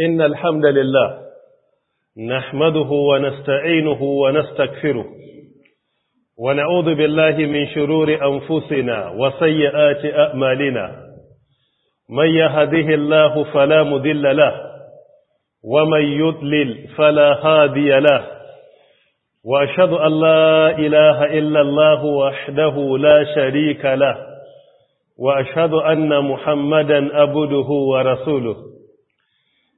إن الحمد لله نحمده ونستعينه ونستكفره ونعوذ بالله من شرور أنفسنا وسيئات أأمالنا من يهده الله فلا مذل له ومن يضلل فلا هادي له وأشهد أن لا إله إلا الله وحده لا شريك له وأشهد أن محمدا أبده ورسوله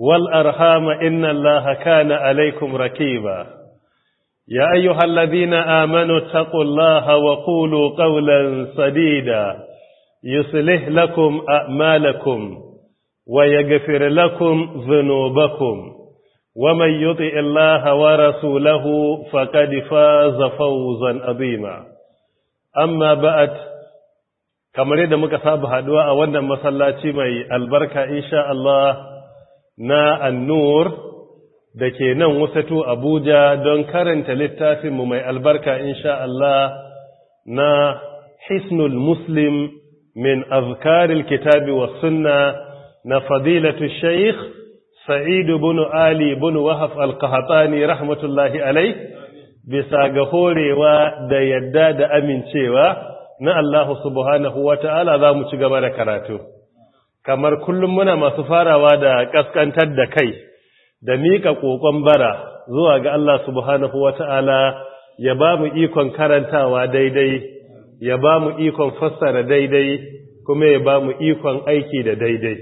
والأرحام إن الله كان عليكم ركيبا يا أيها الذين آمنوا اتقوا الله وقولوا قولا سديدا يصلح لكم أعمالكم ويغفر لكم ذنوبكم ومن يطئ الله ورسوله فقد فاز فوزا عظيما أما بعد kamar yadda muka saba haduwa a wannan masallaci mai albarka insha Allah na annur da ke nan wasatu abuja don karanta littafinmu mai albarka insha Allah na hisnul muslim min azkaril kitabi wa sunna na fadilatu shaykh Sa'idu bunu ali bunu wahaf al rahmatullahi alaih bisa ga horewa da yadda da amincewa na Allah subhanahu wa ta'ala za mu ci gaba da karatu kamar kullum muna masu farawa da kaskantar da kai da miƙa ƙoƙon bara zuwa ga Allah subhanahu wata'ala ya ba mu ikon karantawa daidai ya ba mu ikon fassara daidai kuma ya ba mu ikon aiki da daidai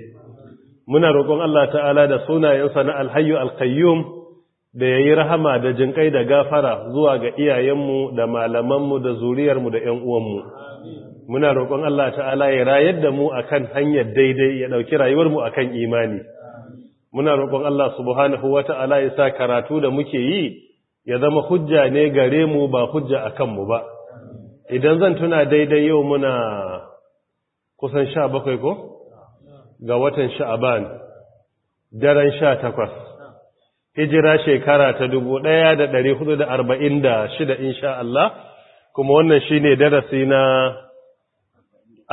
muna roƙon Allah ta'ala da sunayensa na alhayyu alqayyum da yayi yi rahama da jinƙai da gafara zuwa ga iyayenmu da malamanmu da zuriyarmu da ‘yan uwanmu. muna roƙon Allah ta'ala ya rayar da mu akan hanyar daidai ya ɗauki rayuwar mu akan imani muna roƙon Allah subhanahu wata'ala ya sa karatu da muke yi ya zama hujja ne gare mu ba hujja akan mu ba idan zan tuna daidai yau muna kusan sha bakwai ko ga watan sha'aban daren sha takwas hijira shekara ta dubu ɗaya da ɗari hudu da arba'in da shida insha Allah kuma wannan shi ne darasi na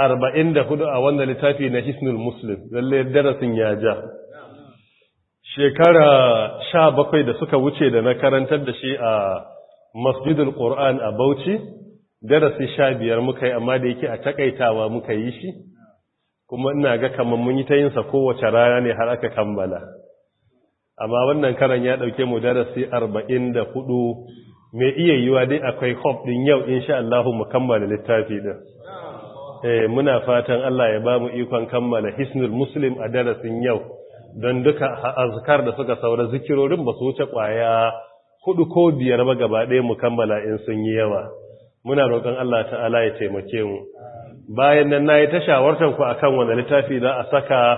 Arba'in da hudu a wannan littafi na hisnul muslim zalle darasin ya ja shekara sha bakwai da suka wuce da na karantar da shi a masjidul qur'an a bauchi darasi 15 muka yi amma da yake a takaitawa muka yi shi kuma ina ga kamar mun yi ta yin sa kowace rana ne har aka kammala amma wannan karan ya dauke mu darasi arba'in da 44 mai iya yiwa dai akwai hope din yau insha Allah mu kammala littafi din Eh, muna fatan Allah ya ba mu ikon kammala hisnul muslim a darasin yau don duka azkar da suka saura zikirorin ba su wuce kwaya hudu ko biyar ba gaba ɗaya mu kammala in sun yi yawa muna roƙon Allah ta'ala ya taimake mu bayan nan nayi ta shawartar ku akan wani littafi za a saka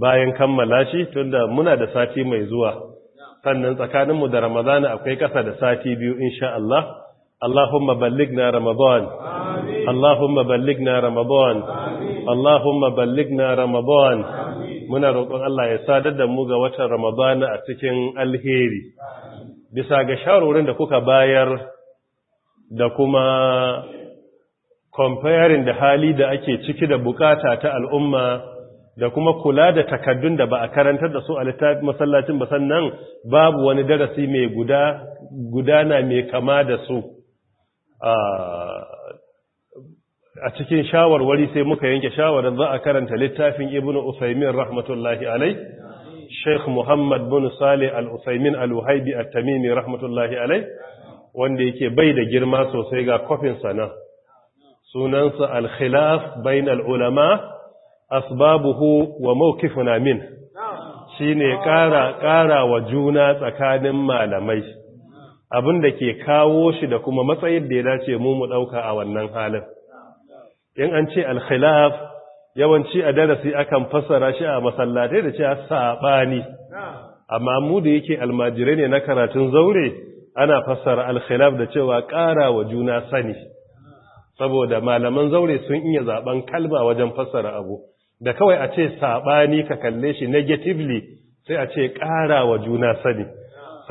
bayan kammala shi tunda muna da sati mai zuwa sannan tsakanin mu da Ramadana akwai ƙasa da sati biyu insha Allah اللهم بلغنا رمضان اللهم بلغنا رمضان اللهم بلغنا رمضان muna roƙon Allah ya sadar da mu ga watan Ramadana a cikin alheri bisa ga shawarwarin da kuka bayar da kuma comparing da hali da ake ciki da bukata ta al'umma da kuma kula da takaddun da ba a karantar da su a littafin masallacin ba sannan babu wani darasi mai guda gudana mai kama da su a cikin shawarwari sai muka yanke shawarar za a karanta littafin ibn usaimin rahmatullahi alai sheikh muhammad bin sale al-usaimin al-uhaibi at-tamimi rahmatullahi alai wanda yake bai da girma sosai ga kofin sana sunansa al-khilaf bain al-ulama asbabuhu wa mawqifuna min shine ƙara ƙara wa juna tsakanin malamai abin da ke kawo shi da kuma matsayin da ya dace mu mu ɗauka a wannan halin in an ce alkhilaf yawanci a darasi akan fassara shi a masallatai da ce saɓani amma mu da yake almajirai ne na karatun zaure ana fassara alkhilaf da cewa ƙara wa juna sani saboda malaman zaure sun iya zaben kalma wajen fassara abu da kawai a ce saɓani ka kalle shi negatively sai a ce ƙara wa juna sani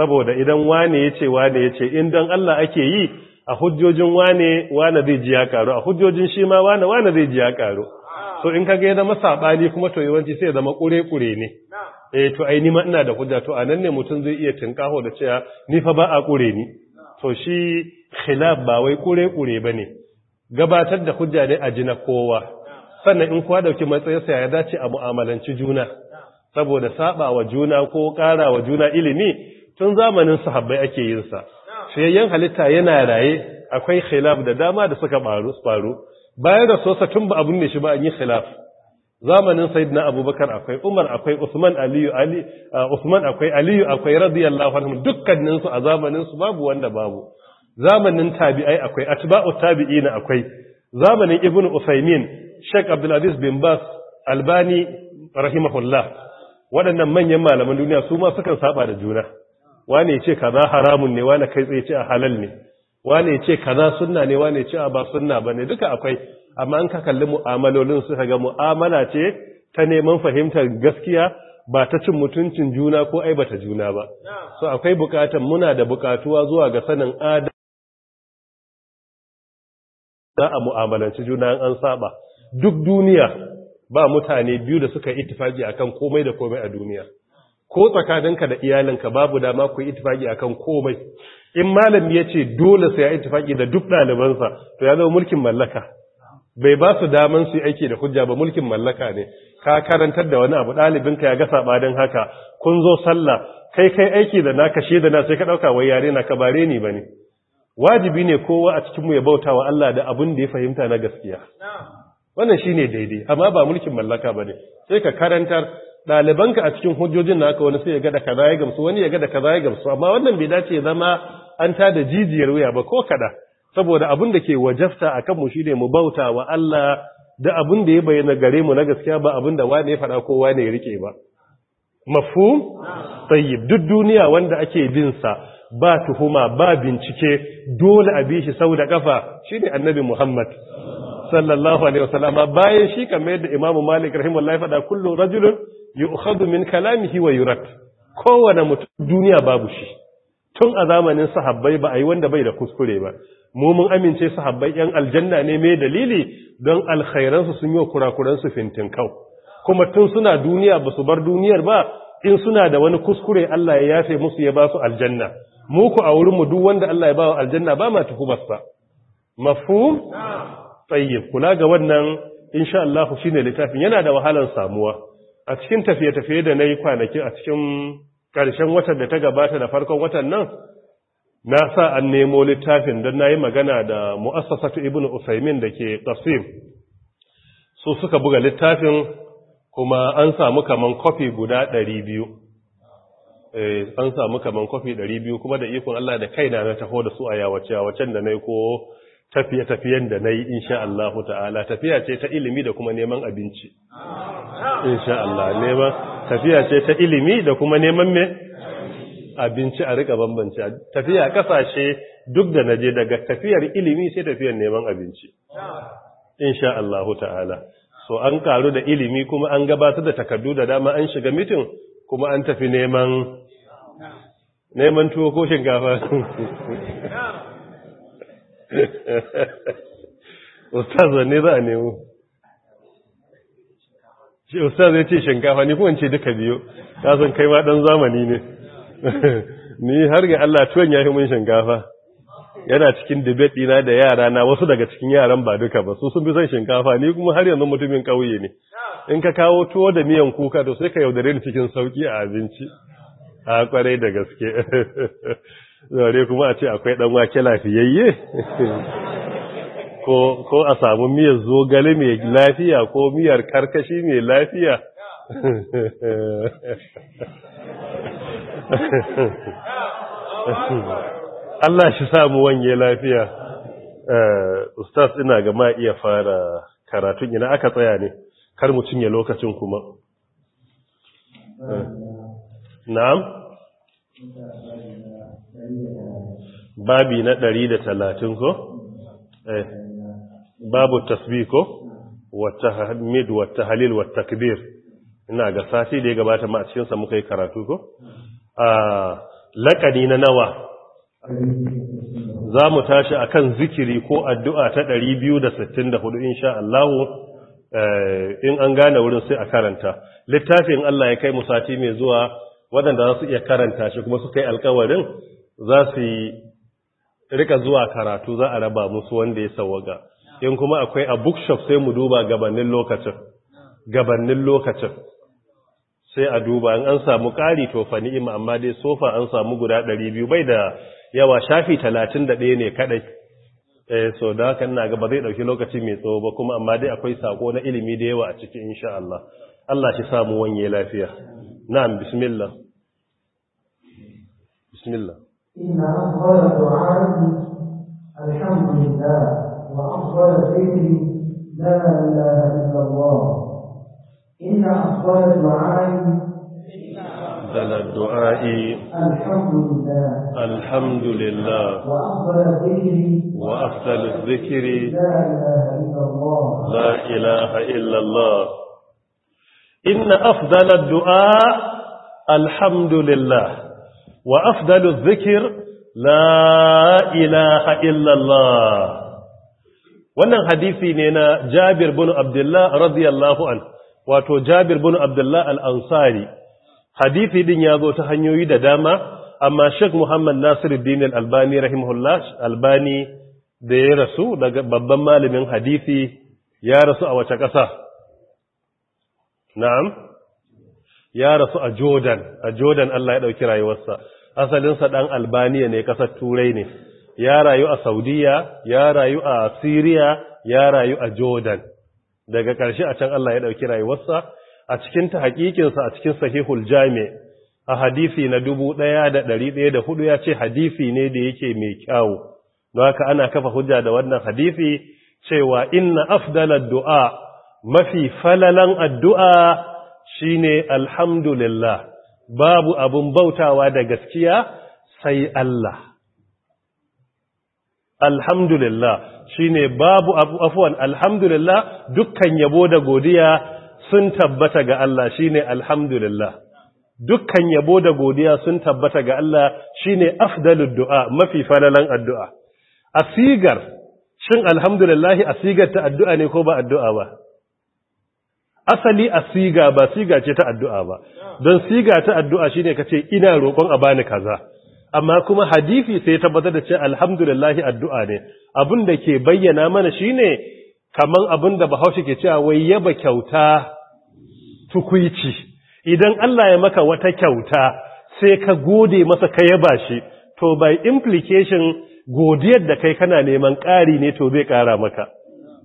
saboda idan wane ya ce wane ya ce in dan Allah ake yi a hujjojin wane wane zai ji ya karu a hujjojin shi ma wane wane zai ji ya karu so in kage ya zama saɓani kuma to yawanci sai ya zama kure-kure ne eh to ai ma ina da hujja to anan ne mutum zai iya tinkaho da cewa ni fa ba a kure ni to shi khilaf ba wai kure-kure bane gabatar da hujja dai a jina kowa sannan in kuwa dauki matsayinsa ya dace a mu'amalanci juna saboda saba wa juna ko ƙara wa juna ilimi tun zamanin sahabbai ake yin sa fiyayyen halitta yana raye akwai khilaf da dama da suka faru bayan da sosa tun ba abun ne shi ba an yi khilaf zamanin sayyidina abubakar akwai umar akwai usman aliyu ali uh, usman akwai aliyu akwai radiyallahu anhu dukkanin a zamanin su babu wanda babu zamanin tabi'ai akwai atba'u tabi'ina akwai zamanin ibnu usaymin sheikh abdul aziz bin bas albani rahimahullah waɗannan manyan malaman duniya su ma sukan saba da juna wane ce kaza haramun ne wane kai tsaye ce a halal ne wane ce kaza suna ne wane ce a ba ba bane duka akwai amma an ka kalli mu'amalolin su ka ga mu'amala ce ta neman fahimtar gaskiya ba ta cin mutuncin juna ko ai aibata juna ba so akwai bukatan muna da bukatuwa zuwa ga sanin adam za a mu'amalanci juna an saba duk duniya ba mutane biyu da suka yi ittifaki akan komai da komai a duniya ko tsakaninka da iyalinka babu dama ku itifaki akan komai in malami ya ce dole sai ya itifaki da duk ɗalibansa to ya zama mulkin mallaka bai ba su daman su aiki da hujja ba mulkin mallaka ne ka karantar da wani abu ɗalibinka ya ga saɓanin haka kun zo sallah kai kai aiki da na kashe da na sai ka ɗauka wai yare na ka bare ni ba ne wajibi ne kowa a cikinmu ya bauta wa Allah da abin da ya fahimta na gaskiya wannan shine daidai amma ba mulkin mallaka ba ne sai ka karantar ɗalibanka a cikin hujjojin naka wani sai ya gada ka kaza gamsu wani ya gada da kaza gamsu amma wannan bai dace zama an ta da jijiyar wuya ba ko kada saboda abin da ke wajafta kanmu shi ne mu bauta wa Allah da abin da ya bayyana gare mu na gaskiya ba abin da wane ya faɗa ko wane ya rike ba mafhum tayyib duk duniya wanda ake bin sa ba tuhuma ba bincike dole a bi shi sau da kafa shine annabi Muhammad sallallahu alaihi wasallam bayan shi kamar yadda Imam Malik rahimahullahi faɗa kullu rajulun yu'khadhu min kalamihi wa yurad kowane mutum duniya babu shi tun a zamanin sahabbai ba a yi wanda bai da kuskure ba mu mun amince sahabbai yan aljanna ne mai dalili don alkhairansu sun yi wa kurakuransu kau. kuma tun suna duniya ba su bar duniyar ba in suna da wani kuskure Allah ya yafe musu ya ba su aljanna mu ku a wurin mu duk wanda Allah ya ba wa aljanna ba ma sa mafhum tayyib kula ga wannan insha Allah shine littafin yana da wahalar samuwa a cikin tafiye-tafiye da na yi kwanaki a cikin ƙarshen watan da ta gabata da farkon watan nan na sa an nemo littafin don na yi magana da mu'assasatu ibn usaimin da ke ƙasim su suka buga littafin kuma an samu kaman kofi guda ɗari biyu eh, an samu kaman kofi ɗari biyu kuma da ikon Allah da kaina na taho da su a yawace yawacen da na yi ko tafiye-tafiyen da na yi insha Allah ta'ala tafiya ce ta ilimi da kuma neman abinci insha Allah tafiya ce ta ilimi da kuma neman me abinci a rika bambance tafiya kasashe duk da naje daga tafiyar ilimi sai tafiyar neman abinci insha Allah ta'ala so an karu da ilimi kuma an gabatar da takardu da dama an shiga mitin kuma an tafi neman neman tuwo ko shinkafa ustaz wanne za a nemo shi ustaz ya ce shinkafa ni kuma ce duka biyu ta san kai ma dan zamani ne ni har ga Allah tuwon ya fi mun shinkafa yana cikin debate ɗina da yara na wasu daga cikin yaran ba duka ba su sun fi son shinkafa ni kuma har yanzu mutumin ƙauye ne in ka kawo tuwo da miyan kuka to sai ka yaudare ni cikin sauki a abinci a kwarai da gaske zare kuma a ce akwai ɗan wake lafiyayye ko a samu miyar zogale mai lafiya ko miyar karkashi mai lafiya Allah shi samu wanye lafiya eh, ustaz ina ga ma iya fara karatun ina aka tsaya ne kar mu cinye lokacin kuma eh, na'am babi na ɗari da talatin ko? Eh. babu tasbi ko? wata hamid wata halil wata kabir ina ga sati da ya gabata ma a cikinsa muka yi karatu ko? a laƙani na nawa za mu tashi a kan zikiri ko addu'a ta biyu 264 insha Allahu eh, in an gane wurin sai a karanta littafin Allah ya kai musati mai zuwa waɗanda za su iya karanta shi kuma su kai alkawarin za su yi rika zuwa karatu za a raba musu wanda ya sawaga in kuma akwai a bookshop sai mu duba gabanin lokacin gabanin lokacin sai a duba in an samu ƙari tofani fa ni'ima amma dai sofa an samu guda ɗari biyu bai da yawa shafi 31 ne kadai eh so da haka ina ga ba zai ɗauki lokaci mai tsawo ba kuma amma dai akwai sako na ilimi da yawa a ciki insha Allah Allah shi samu wanye lafiya na'am bismillah bismillah إن أفضل دعائي الحمد لله وأفضل ذكري لا إله إلا الله إن أفضل دعائي أفضل الدعاء الحمد لله الحمد لله وأفضل الذكر وأفضل الذكر لا إله إلا الله لا إله إلا الله إن أفضل الدعاء الحمد لله wa afdalu zikir la ilaha illallah wannan hadisi ne na jabir bin abdullah radiyallahu an wato jabir bin abdullah al-ansari hadisi din ya zo ta hanyoyi da dama amma Sheikh Muhammad Nasiruddin Al-Albani rahimahullah Albani da ya rasu daga babban malamin hadisi ya rasu a wace ƙasa na'am ya rasu a Jordan a Jordan Allah ya dauki rayuwarsa asalinsa ɗan albaniya ne ƙasar turai ne ya rayu a saudiya ya rayu a siriya ya rayu a jordan daga ƙarshe a can allah ya ɗauki rayuwarsa a cikin ta haƙiƙinsa a cikin sahihul jami a hadisi na dubu ɗaya da ɗari ɗaya da hudu ya ce hadisi ne da yake mai kyawu don haka ana kafa hujja da wannan hadisi cewa inna afdalar du'a mafi falalan addu'a shine alhamdulillah babu abun bautawa da gaskiya sai Allah alhamdulillah shine babu abu afwan alhamdulillah dukkan yabo da godiya sun tabbata ga Allah shine alhamdulillah dukkan yabo da godiya sun tabbata ga Allah shine afdalud du'a mafi falalan addu'a asigar shin alhamdulillah asigar ta addu'a ne ko ba addu'a ba asali a siga ba siga ce ta addu'a ba don siga ta addu'a shi ne ka ce ina roƙon a bani kaza amma kuma hadifi sai tabbatar da ce alhamdulillahi addu'a ne abin da ke bayyana mana shi ne kaman abin da bahaushe ke cewa wai yaba kyauta tukwici idan Allah ya maka wata kyauta sai ka gode masa ka yaba shi to by implication godiyar da kai kana neman ƙari ne to zai ƙara maka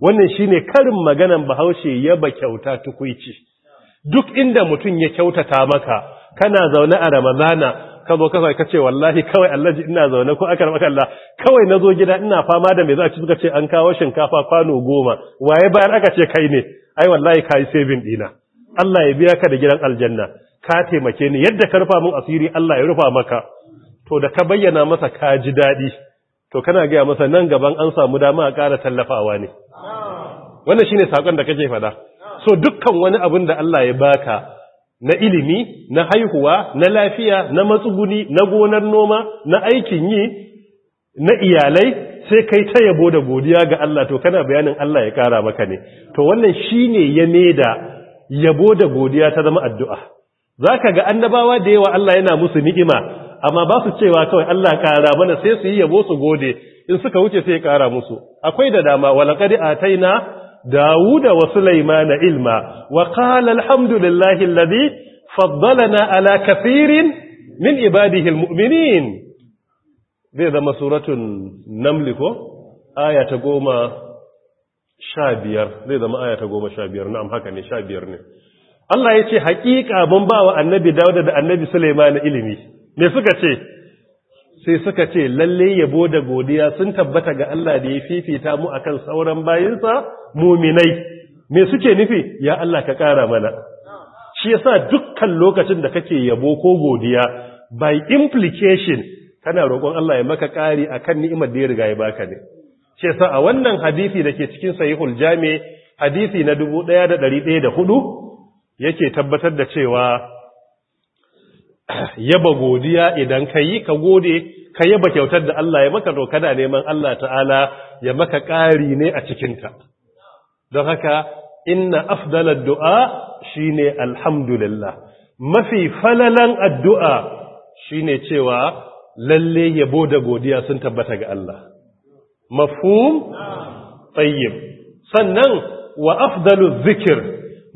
wannan shi ne karin maganan bahaushe yaba kyauta tukwici duk inda mutum ya kyautata maka kana zaune a ramadana ka zo ka ce wallahi kawai allaji ina zaune ko aka ramaka Allah kawai nazo gida ina fama da mai za a ci suka ce an kawo shinkafa kwano goma waye bayan aka ce kai ne ai wallahi ka yi saving dina Allah ya biya ka da gidan aljanna ka taimake ni yadda ka rufa min asiri Allah ya rufa maka to da ka bayyana masa ka ji daɗi. to kana gaya masa nan gaban an samu dama a ƙara tallafawa ne wannan ne saƙon da kake fada so dukkan wani abin da Allah ya baka na ilimi na haihuwa na lafiya na matsuguni na gonar noma na aikin yi na iyalai sai kai ta yabo da godiya ga Allah to kana bayanin Allah ya ƙara maka ne to wannan shi ne ya meda yabo da godiya ta zama addu'a Za ka ga annabawa da yawa Allah yana musu ni'ima amma ba su cewa kawai Allah ƙara mana sai su yi yabo su gode in suka wuce sai kara musu akwai da dama walaƙad ataina dawuda wa sulaimana ilma wa qala alhamdulillahi alladhi faddalana ala kathirin min ibadihi almu'minin zai zama suratun naml ko aya ta goma sha biyar zai zama aya ta goma sha biyar na'am haka ne sha biyar ne Allah ya ce haƙiƙa mun ba wa annabi Dawuda da annabi Sulaiman ilimi me suka ce sai suka ce lalle yabo da godiya sun tabbata ga Allah da ya fifita mu akan sauran bayinsa muminai me suke nufi ya Allah ka kara mana shi yasa dukkan lokacin da kake yabo ko godiya by implication kana roƙon Allah ya maka ƙari akan ni'imar da ya riga ya baka ne shi yasa a wannan da ke cikin sahihul jami hadisi na 1104 yake tabbatar da cewa yaba godiya idan ka yi ka gode ka yaba kyautar da Allah ya maka to kana neman Allah ta'ala ya maka ƙari ne a cikinta don haka inna afdalar du'a shine alhamdulillah mafi falalan addu'a shine cewa lalle yabo da godiya sun tabbata ga Allah mafhum tsayyib sannan wa afdalar zikir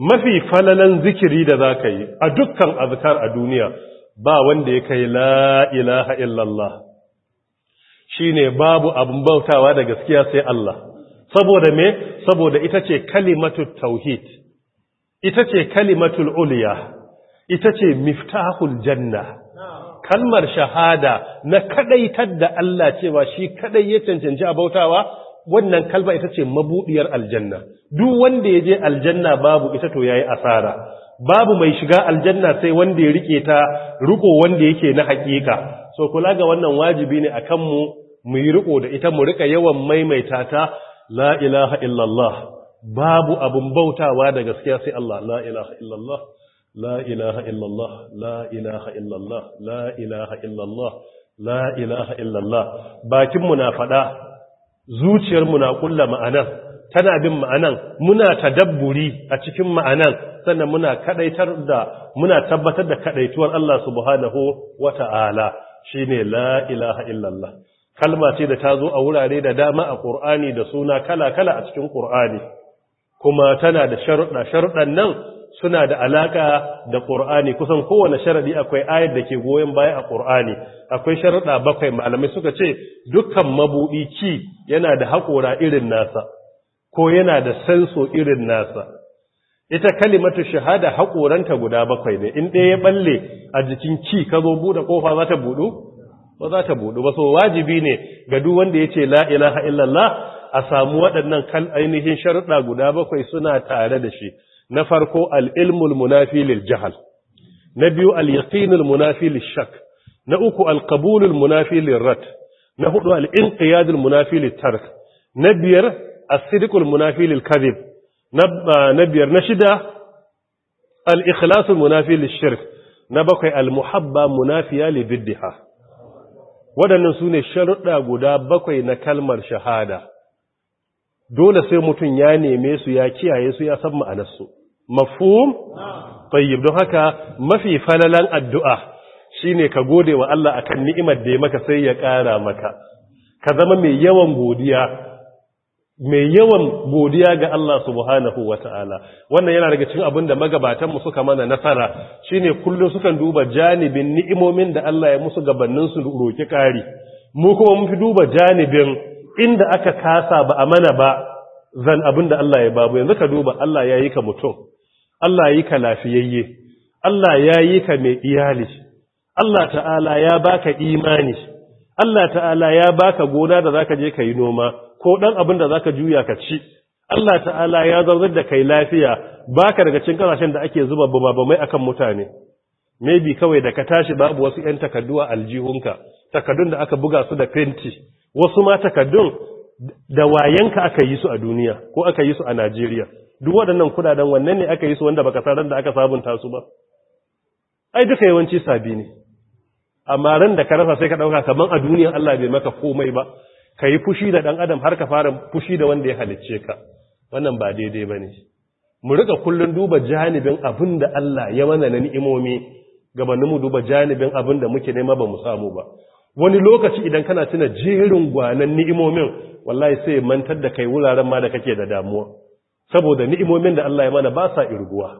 mafi falalan zikiri da za ka yi a dukkan azkar a duniya ba wanda ya kai la ilaha illallah ne babu abin bautawa da gaskiya sai Allah saboda me saboda ita ce kalimatu tauhid ita ce kalimatul uliya ita ce miftahul janna kalmar shahada na kadaitar da Allah cewa shi kadai ya cancanci a bautawa wannan kalma ita ce mabudiyar aljanna duk wanda ya je aljanna babu ita to yayi asara babu mai shiga aljanna sai wanda ya rike ta riko wanda yake na hakika so kula ga wannan wajibi ne akan mu mu yi riko da ita mu rika yawan maimaita ta la ilaha illallah babu abun bautawa da gaskiya sai Allah la ilaha illallah la ilaha illallah la ilaha illallah la ilaha illallah la ilaha illallah bakin mu na fada zuciyar mu na kullama ma'anar tana bin ma'anan muna ta dabburi a cikin ma'anan sannan muna kadaitar da muna tabbatar da kadaituwar Allah subhanahu wata'ala shine la ilaha illallah kalma ce da ta zo a wurare da dama a Qur'ani da suna kala-kala a cikin Qur'ani kuma tana da sharuɗa sharuɗan nan suna da alaka da Qur'ani kusan kowane sharadi akwai ayar da ke goyen baya a Qur'ani akwai sharuɗa bakwai malamai suka ce dukkan mabudi ki yana da haƙora irin nasa ko yana da sanso irin nasa ita kalimatu shahada haƙoranta guda bakwai ne in ɗaya ya balle a jikin ci ka zo buɗe ƙofa za ta buɗu ba za ta buɗu ba so wajibi ne ga duk wanda ya ce la ilaha illallah a samu waɗannan kal ainihin sharuɗa guda bakwai suna tare da shi na farko al-ilmul munafi na biyu al-yaqinul shak na uku al-qabulul rat na hudu al-inqiyadul munafi tark na biyar as-sidqul munafi na biyar na shida al-ikhlasul munafi shirk na bakwai al-muhabba munafiya li waɗannan su ne sharuɗa guda bakwai na kalmar shahada dole sai mutum ya neme su ya kiyaye su ya san ma'anarsu mafhum tayyib don haka mafi falalan addu'a shine ka gode wa Allah akan ni'imar da ya maka sai ya ƙara maka ka zama mai yawan godiya mai yawan godiya ga Allah subhanahu wa ta'ala wannan yana daga cikin abin da magabatanmu suka mana nasara shine kullun kullum sukan duba janibin ni'imomin da Allah ya musu gabaninsu roki kari mu kuma mun fi duba janibin inda aka kasa ba a mana ba zan abinda Allah ya babu yanzu ka duba Allah ya yi ka mutum Allah ya yi ka lafiyayye Allah ya yi ka mai iyali Allah ta'ala ya baka imani Allah ta'ala ya baka gona da zaka je ka yi noma ko dan abin da zaka juya ka ci Allah ta'ala ya zarzar da kai lafiya baka daga cikin kasashen da ake zuba mai akan mutane maybe kawai da ka tashi babu wasu 'yan takardu a aljihunka takaddun da aka buga su da printi wasu ma takaddun da wayanka aka yi su a duniya ko aka yi su a Najeriya duk waɗannan kudaden wannan ne aka yi su wanda baka san da aka sabunta su ba ai duka yawanci sabini. ne amma ran da ka rasa sai ka ɗauka kaman a duniya Allah bai maka komai ba ka yi fushi da ɗan adam har ka fara fushi da wanda ya halicce ka wannan ba daidai ba ne mu rika kullum duba janibin abin da Allah ya mana na ni'imomi gabanin mu duba janibin abin da muke nema ba mu samu ba wani lokaci idan kana tuna jerin gwanan ni'imomin wallahi sai mantar da kai wuraren ma da kake da damuwa saboda ni'imomin da Allah ya mana ba sa irguwa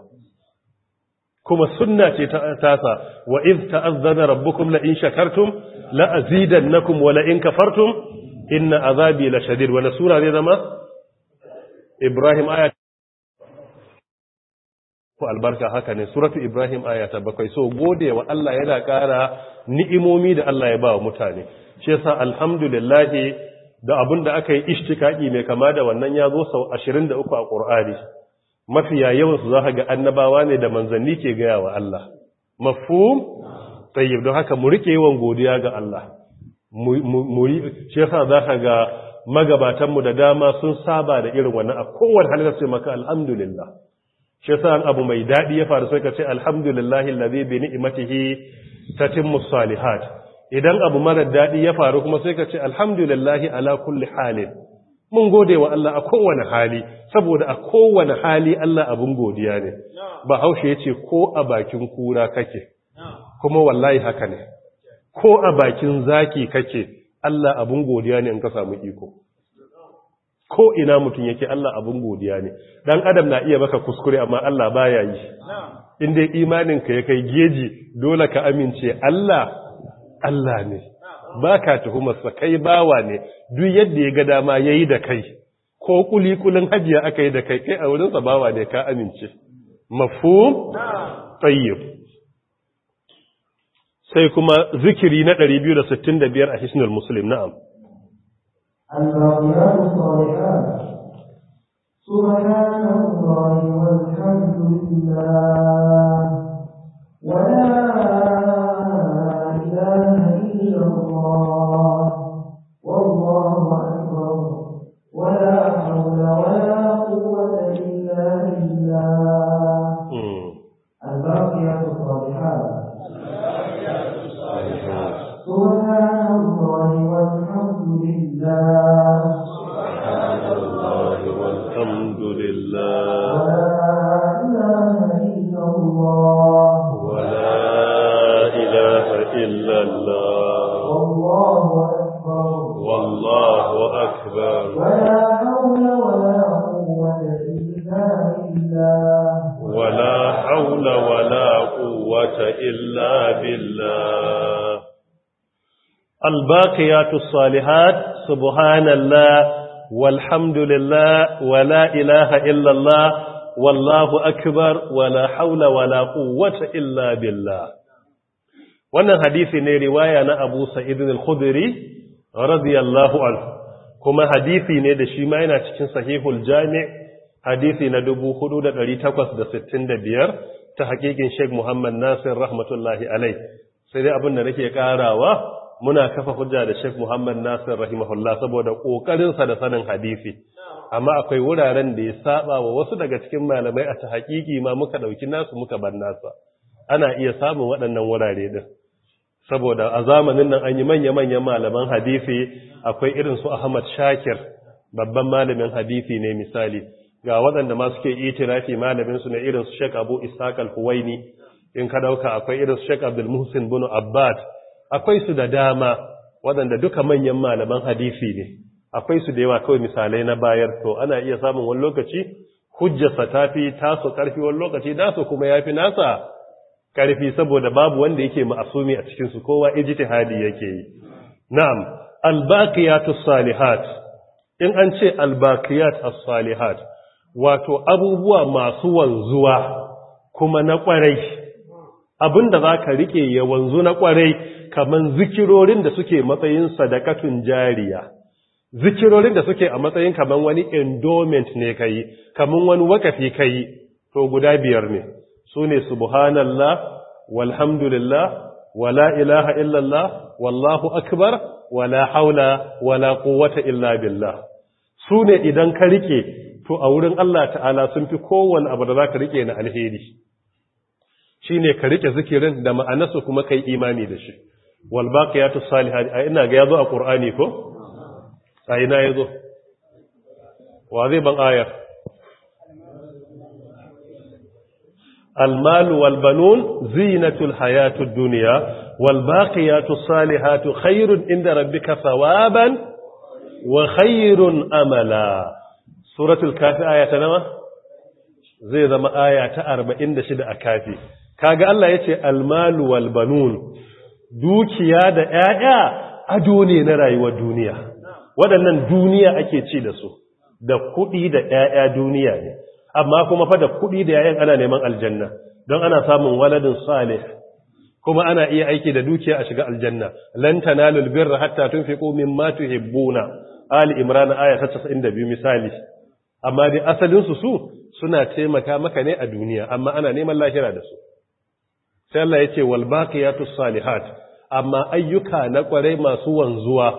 kuma sunna ce ta tasa wa iz ta'azzana rabbukum la in shakartum la azidannakum wa la in kafartum inna azabi la shadid wani sura zai zama ibrahim aya ko albarka haka ne suratu ibrahim aya ta bakwai so gode wa Allah yana ƙara ni'imomi da Allah ya ba wa mutane shi yasa alhamdulillah da abun da aka yi ishtikaki mai kama da wannan ya zo sau 23 a ƙur'ani mafiya yawan su zaka ga annabawa ne da manzanni ke gaya wa Allah mafhum tayyib don haka mu rike yawan godiya ga Allah mu yi shi za ka ga magabatanmu da dama sun saba da irin wannan a kowane halittar sai maka alhamdulillah shi sa an abu mai daɗi ya faru sai ka ce alhamdulillahi allazi bi ta tatimmu salihat idan abu mara daɗi ya faru kuma sai ka ce alhamdulillah ala kulli halin mun gode wa Allah a kowane hali saboda a kowane hali Allah abun godiya ne ba haushe ya ce ko a bakin kura kake kuma wallahi haka ne ko a bakin zaki kake Allah abun godiya ne in ka samu iko ko ina mutum yake Allah abun godiya ne dan adam na iya baka kuskure amma Allah baya yi in dai imanin ka ya kai geji dole ka amince Allah Allah ne baka tuhumarsa kai bawa ne duk yadda ya ga dama yayi da kai ko kuli-kulin hajiya aka yi da kai kai a wurinsa bawa ne ka amince mafhum tayyib sai kuma zikiri na 265 a hisnul muslim na'am سبحان الله والحمد لله ولا ولا حول ولا قوة إلا بالله الباقيات الصالحات سبحان الله والحمد لله ولا إله إلا الله والله أكبر ولا حول ولا قوة إلا بالله wannan hadisi ne riwaya na Abu Sa'id al-Khudri radiyallahu anhu kuma hadisi ne da shi ma yana cikin Sahihul Jami' hadisi na dubu da da ɗari takwas sittin biyar ta hakikin Sheikh Muhammad Nasir rahmatullahi alai sai dai abin da nake ƙarawa muna kafa hujja da Sheikh Muhammad Nasir rahimahullah saboda ƙoƙarinsa da sanin hadisi amma akwai wuraren da ya saba wa wasu daga cikin malamai a ta hakiki ma muka ɗauki nasu muka bar nasa ana iya samun waɗannan wurare din saboda a zamanin nan an yi manya-manyan malaman hadisi akwai irin su Ahmad Shakir babban malamin hadisi ne misali ga waɗanda ma suke itirafi malamin su na irin su shek Abu Ishaq Al-Huwaini in ka dauka akwai irin su shek Abdul Muhsin bin Abbad akwai su da dama waɗanda duka manyan malaman hadisi ne akwai su da yawa kawai misalai na bayar to ana iya samun wani lokaci hujjarsa tafi taso karfi wani lokaci nasu kuma yafi nasa karfi saboda babu wanda yake ma'asumi a cikin su kowa ijtihadi yake yi na'am albaqiyatus salihat in an ce albaqiyat as-salihat wato abubuwa masu wanzuwa kuma na kwarai abinda za ka rike ya wanzu na kwarai kaman zikirorin da suke matsayin sadakatun jariya zikirorin da suke a matsayin kamar wani endowment ne ka yi, kaman wani wakafi yi, to guda biyar ne su ne subhanallah walhamdulillah wala ilaha illallah wallahu akbar wala haula wala quwwata illa billah su ne idan ka rike to a wurin Allah ta'ala sun fi kowane abu da za ka rike na alheri shi ne ka rike zikirin da ma'anarsa kuma kai imani da shi walbaka ya tu salihari a ina ga ya zo a ƙur'ani ko? a ina ya zo wa zai ban ayar almalu walbanun zinatul hayatul duniya ya sali salihatu khairun inda rabbika sawaban wa khairun amala suratul kafi aya ta nawa zai zama aya ta arba'in da shida a kafi kaga Allah yace almalu wal banun dukiya da 'ya'ya ado ne na rayuwar duniya waɗannan duniya ake ci da su da kuɗi da 'ya'ya duniya ne amma kuma fa da kuɗi da 'ya'yan ana neman aljanna don ana samun waladin salih kuma ana iya aiki da dukiya a shiga aljanna lan tanalul birra hatta tunfiqu mimma tuhibbuna ali imran aya ta 92 misali amma dai asalinsu su suna taimaka maka ne a duniya amma ana neman lahira da su sai Allah ya ce wal baqiyatus salihat amma ayyuka na kwarai masu wanzuwa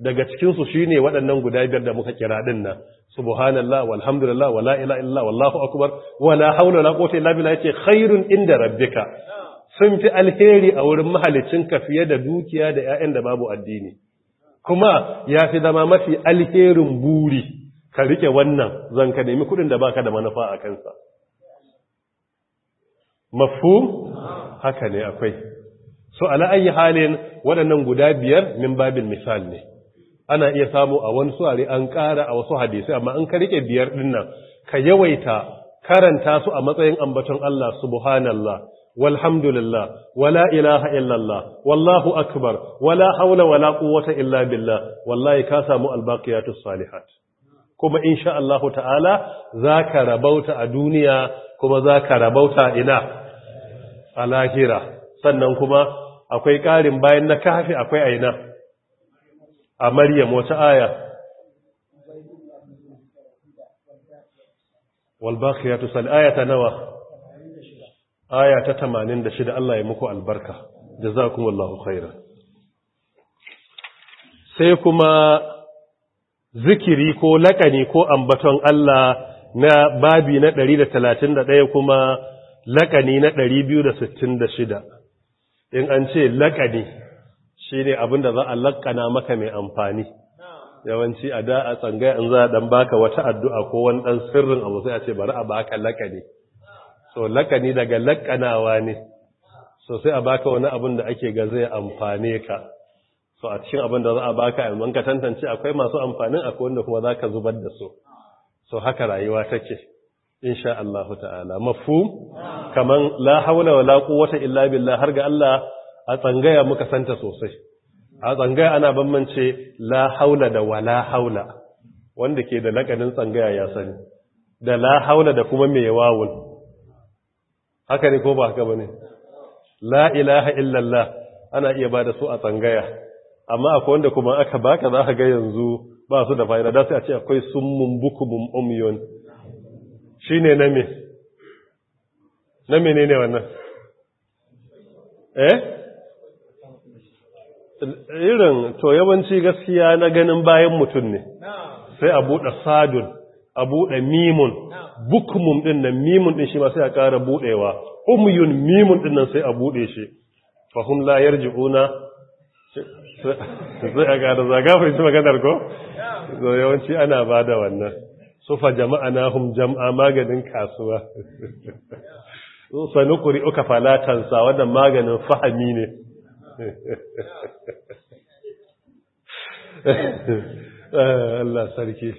daga cikin su shine waɗannan guda biyar da muka kira din nan subhanallahi walhamdulillahi wala ilaha illallah wallahu akbar wala hawla wala quwwata illa billah yace khairun inda rabbika sun fi alheri a wurin ka fiye da dukiya da ƴaƴan da babu addini kuma ya fi zama mafi alherin buri ka rike wannan zan ka nemi kudin da baka da manufa a kansa mafhum haka ne akwai so ala ayi halin waɗannan guda biyar min babin misal ne ana iya samu a wani suwari an ƙara a wasu hadisi amma an ka rike biyar dinnan ka yawaita karanta su a matsayin ambaton Allah subhanallah walhamdulillah wala ilaha illallah wallahu akbar wala haula wala quwwata illa billah wallahi ka samu albaqiyatus salihat kuma insha Allah ta'ala za ka rabauta a duniya kuma za ka rabauta ina a lahira sannan kuma akwai ƙarin bayan na kafi akwai aina a maryam wata aya ya sal aya ta nawa aya ta shida. Allah ya muku albarka jazakumullahu khairan sai kuma zikiri ko lakani ko ambaton Allah na babi na ɗaya kuma laƙani na ɗari da shida. in an ce lakani shine abinda za a lakana maka mai amfani yawanci a da a tsangaya in za a ɗan baka wata addu'a ko wani ɗan sirrin abu sai a ce bari a baka lakani so lakani daga lakanawa ne so sai a baka wani abin da ake ga zai amfane ka so a cikin abin da za a baka a ka tantance akwai masu amfanin akwai wanda kuma za ka zubar da su so haka rayuwa take insha Allah ta'ala Mafu, kamar la haula wala wata illa billah har ga Allah a tsangaya muka santa sosai a tsangaya ana bambance la haula da wala haula wanda ke da lakanin tsangaya ya sani da la haula da kuma mai wawul haka ne ko ba haka bane la ilaha illallah ana iya ba da su a tsangaya amma akwai wanda kuma aka baka za ka ga yanzu ba su da fa'ida da sai a ce akwai summun bukumun umyon shi ne na me na ne wannan eh irin to yawanci gaskiya na ganin bayan mutum ne sai a buɗe sadun a buɗe mimun bukumun ɗin nan mimun ɗin shi ma sai a ƙara buɗewa umyun mimun ɗin nan sai a buɗe shi fahim la sai a gada zaga su maganar ko zo yawanci ana ba da wannan sufa jama'a na hum jama'a maganin kasuwa sanukuri uka falatansa wannan maganin fahami ne eh, Allah sarki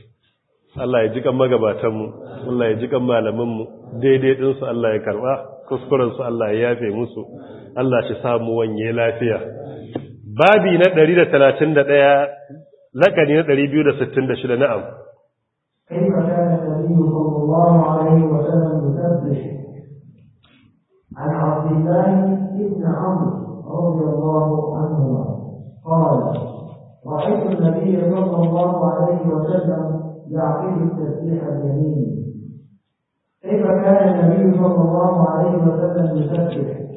Allah ya ji kan magabatanmu Allah ya ji kan malamanmu daidai ɗinsu Allah ya karɓa kuskurensu Allah ya yafe musu Allah shi samu wanye lafiya babi na 131 lakani na 266 na'am كيف كان النبي صلى الله عليه وسلم يسبح عن عبد الله بن عمرو رضي الله عنهما قال رأيت النبي صلى الله عليه وسلم يعقل التسبيح اليمين كيف كان النبي صلى الله عليه وسلم يسبح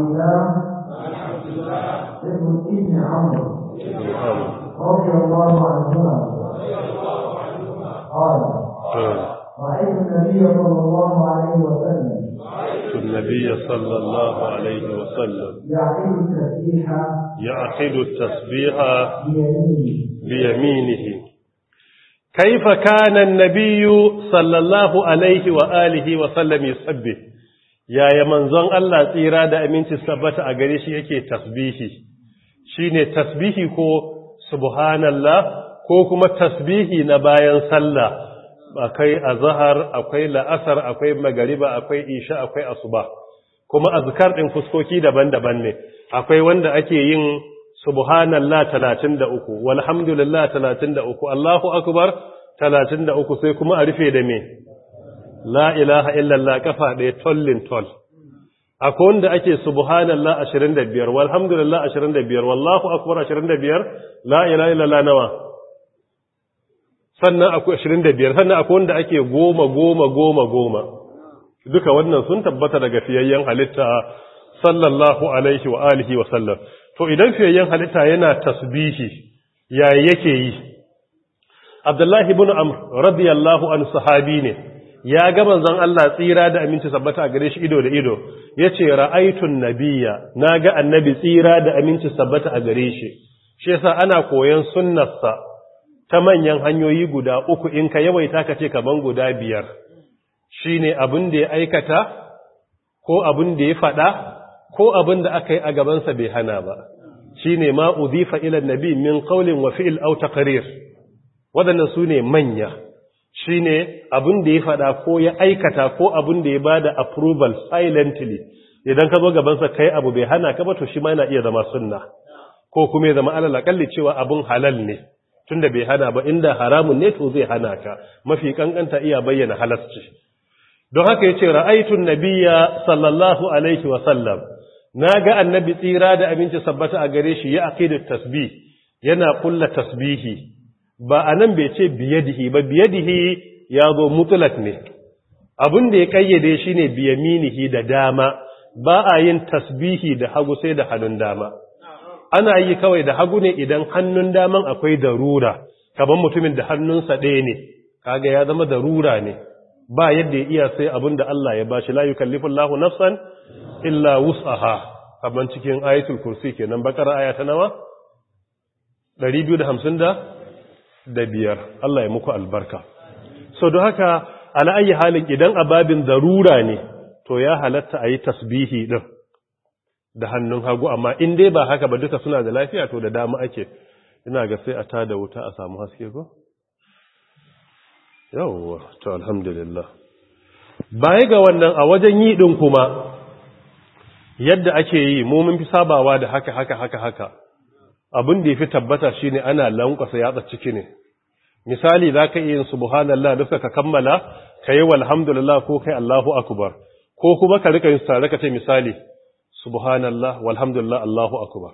عبد الله ابن ابن عمرو رضي الله عنهما قال رأيت النبي صلى الله عليه وسلم رأيت النبي صلى الله عليه وسلم يعقد التسبيح يعقد التسبيح بيمينه, بيمينه كيف كان النبي صلى الله عليه وآله وسلم يسبح yaya manzon Allah tsira da aminci sabbata a gare shi yake tasbihi shine tasbihi ko subhanallah ko kuma tasbihi na bayan sallah akai azhar akwai la'asar akwai magariba akwai isha akwai asuba kuma azkar din fuskoki daban-daban ne akwai wanda ake yin subhanallah 33 walhamdulillah 33 Allahu akbar 33 sai kuma a rufe da me la ilaha illallah kafa ɗaya tollin toll akwai wanda ake subhanallah 25 walhamdulillah 25 wallahu akbar 25 la ilaha illallah nawa sannan akwai 25 sannan akwai wanda ake goma goma goma goma duka wannan sun tabbata daga fiyayyen halitta sallallahu alaihi wa alihi wa sallam to idan fiyayyen halitta yana tasbihi ya yake yi abdullahi ibn amr radiyallahu an sahabi ne ya ga zan Allah tsira da aminci sabbata a gare shi ido da ido Ya ce ra'aitun nabiyya ga annabi tsira da aminci sabbata a gare shi shi yasa ana koyon sunnarsa ta manyan hanyoyi guda uku in ka yawaita ka ce kaman guda biyar Shi ne abin da ya aikata ko abin da ya faɗa ko abin da aka yi a gabansa bai hana ba shine ma udhifa ilan nabi min qawlin wa fi'il aw taqrir wadannan ne manya Shi ne abin da ya faɗa ko ya aikata ko abin da ya ba da approval silently idan ka zo gabansa kai abu bai hana ka ba to shi ma yana iya zama sunna ko kuma ya zama alal akalli cewa abin halal ne tunda bai hana ba inda haramun ne to zai hana ka mafi kankanta iya bayyana halasci don haka ya yace ra'aitun nabiyya sallallahu alaihi wa sallam naga annabi tsira da abinci sabbata a gare shi ya aqidat tasbih yana kulla tasbihi ba a nan bai ce biyadihi ba biyadihi ya zo mutulak ne abin da ya kayyade shi ne biyaminihi da dama ba a yin tasbihi da hagu sai da hannun dama ana yi kawai da hagu ne idan hannun daman akwai darura kaban mutumin da hannunsa ɗaya ne kaga ya zama darura ne ba yadda ya iya sai abin da Allah ya bashi la lahu nafsan illa wus'aha kaban cikin ayatul kursi kenan bakara aya ta nawa 250 da biyar Allah ya muku albarka so don haka ala ayi halin idan ababin zarura ne to ya halatta a yi tasbihi din da hannun hagu amma in dai ba haka ba duka suna da lafiya to da dama ake ina ga sai a tada wuta a samu haske ko yawwa to alhamdulillah baya ga wannan a wajen yi din kuma yadda ake yi mu mun fi sabawa da haka haka haka haka abin da ya fi tabbata shi ne ana lankwasa yatsa ciki ne misali za ka iya yin subhanallah duka ka kammala ka yi walhamdulillah ko kai allahu akubar ko kuma ka rika yin tare ka ce misali subhanallah walhamdulillah allahu akubar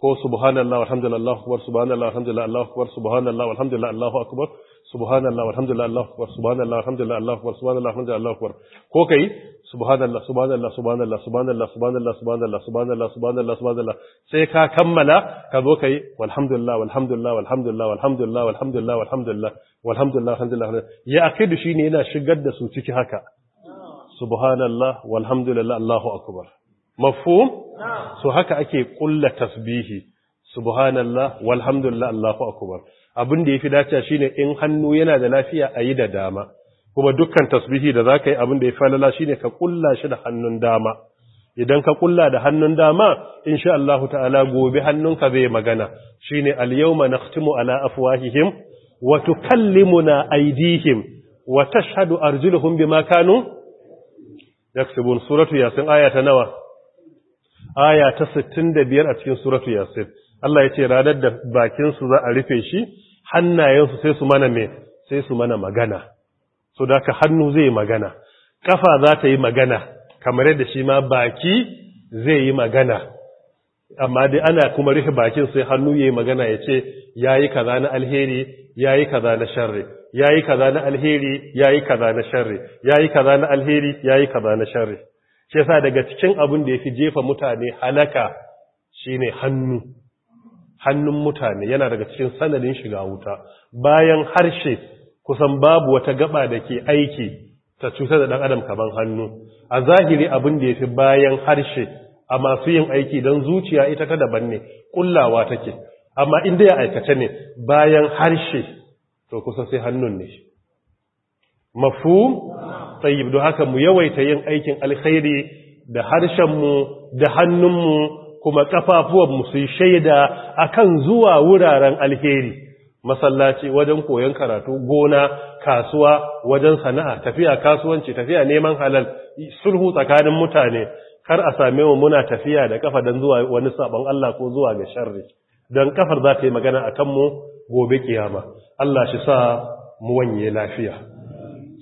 ko subhanallah walhamdulillah allahu akubar subhanallah walhamdulillah allahu akubar subhanallah walhamdulillah allahu akubar subhanallah walhamdulillah allahu akbar subhanallah walhamdulillah allahu akbar subhanallah walhamdulillah allahu akubar. ko kai subhanallah subhanallah subhanallah subhanallah subhanallah subhanallah subhanallah subhanallah subhanallah sai ka kammala ka zo kai walhamdulillah walhamdulillah walhamdulillah walhamdulillah walhamdulillah walhamdulillah walhamdulillah alhamdulillah ya akidu shine yana shigar da su ciki haka subhanallah walhamdulillah allahu akbar mafhum so haka ake kulla tasbihi subhanallah walhamdulillah allahu akbar abin da yafi dacewa shine in hannu yana da lafiya ayi da dama kuma dukkan tasbihi da zaka yi abin da ya falala shine ka kulla shi da hannun dama idan ka kulla da hannun dama insha Allah ta'ala gobe hannunka zai magana shine al-yawma nakhtimu ala afwahihim wa tukallimuna aydihim wa tashhadu arjuluhum bima kanu yaksubun suratu yasin ayata nawa aya ta 65 a cikin suratu yasin Allah yace ce ranar da su za a rufe shi hannayensu sai su mana me sai su mana magana so da ka hannu zai magana kafa za ta yi magana kamar yadda shi ma baki zai yi magana amma dai ana kuma rufe bakin sai hannu ya magana ya ce ya yi kaza na alheri ya yi kaza na sharri ya yi kaza na alheri ya yi kaza na sharri ya yi kaza na alheri ya yi kaza na sharri shi sa daga cikin abun da ya jefa mutane halaka shine hannu hannun mutane yana daga cikin sanadin shiga wuta bayan harshe kusan babu wata gaba da ke aiki ta cutar da ɗan adam kamar hannu a zahiri abin da ya fi bayan harshe a masu yin aiki don zuciya ita ta daban ne ƙullawa take amma inda ya aikata ne bayan harshe to kusa sai hannun ne mafu tsayi don haka mu yawaita yin aikin alkhairi da harshenmu da hannunmu kuma ƙafafuwanmu su shaida a kan zuwa wuraren alheri masallaci wajen koyon karatu gona kasuwa wajen sana'a tafiya kasuwanci tafiya neman halal sulhu tsakanin mutane kar a same mu muna tafiya da kafa dan zuwa wani sabon Allah ko zuwa ga sharri dan kafar za ta yi magana akan mu gobe kiyama Allah shi sa mu wanye lafiya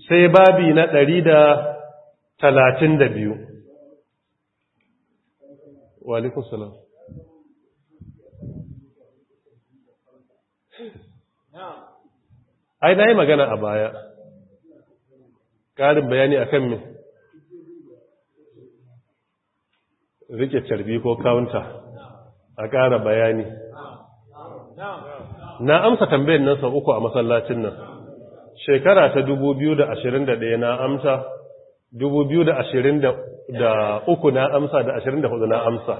sai babi na 132 wa alaikum salam ai na yi magana a baya ƙarin bayani akan me rike carbi ko kaunta a ƙara bayani na amsa tambayar nan sau uku a masallacin nan shekara ta 2021 na amsa 2023 na amsa da 24 na amsa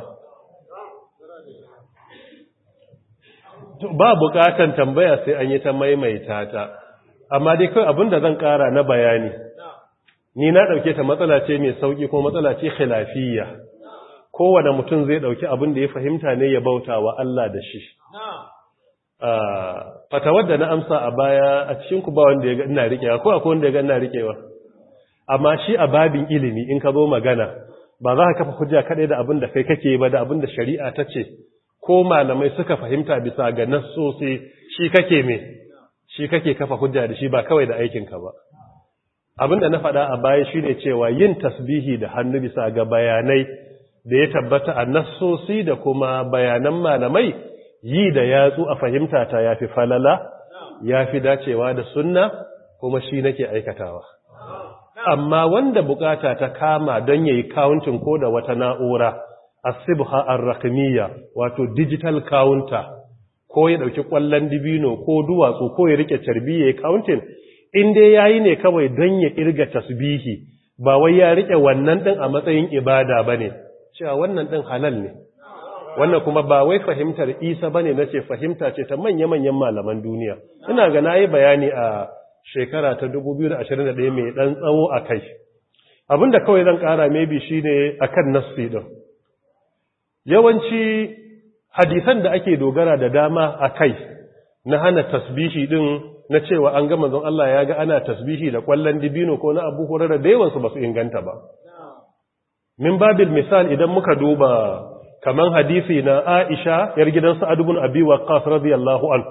ba bukatan tambaya sai an yi ta maimaita ta amma dai kawai da zan kara na bayani ni na dauke ta matsala ce mai sauki ko matsala ce khilafiyya kowane mutum zai dauki abin da ya fahimta ne ya bautawa Allah da shi ah, fatawar da na amsa a baya a cikin ku ba wanda ya ga ina rikewa ko akwai wanda ya ga ina rikewa amma shi a babin ilimi in ka zo magana ba za ka kafa hujja kaɗai da abin da kai kake ba da abin da shari'a ta ce ko malamai suka fahimta bisa ga nassosi shi kake me shi kake kafa hujja da shi ba kawai da aikin ka ba abinda na faɗa a baya shine cewa yin tasbihi da hannu bisa ga bayanai da ya tabbata a nassosi da kuma bayanan malamai yi da yatsu a fahimta ta yafi falala ya fi dacewa da sunna kuma shi nake aikatawa amma wanda bukata ta kama don yayi counting ko da wata na'ura asibha ar wato digital counter ko ya dauki kwallon dibino ko duwatsu ko ya rike tarbiyyar counting in dai yayi ne kawai don ya kirga tasbihi ba wai ya rike wannan din a matsayin ibada bane cewa wannan din halal ne wannan kuma ba wai fahimtar Isa bane nace fahimta ce ta manya-manyan malaman duniya ina ga na yi bayani a shekara ta 2021 mai dan tsawo akai abinda kawai zan kara maybe shine akan nasfi din yawanci hadisan da ake dogara da dama a kai na hana tasbihi din na cewa an ga manzon Allah ya ga ana tasbihi da kwallon dibino ko na abu hurara da yawansu ba su inganta ba min babil misal idan muka duba kaman hadisi na Aisha yar gidan Sa'ad ibn Abi Waqqas radiyallahu anhu,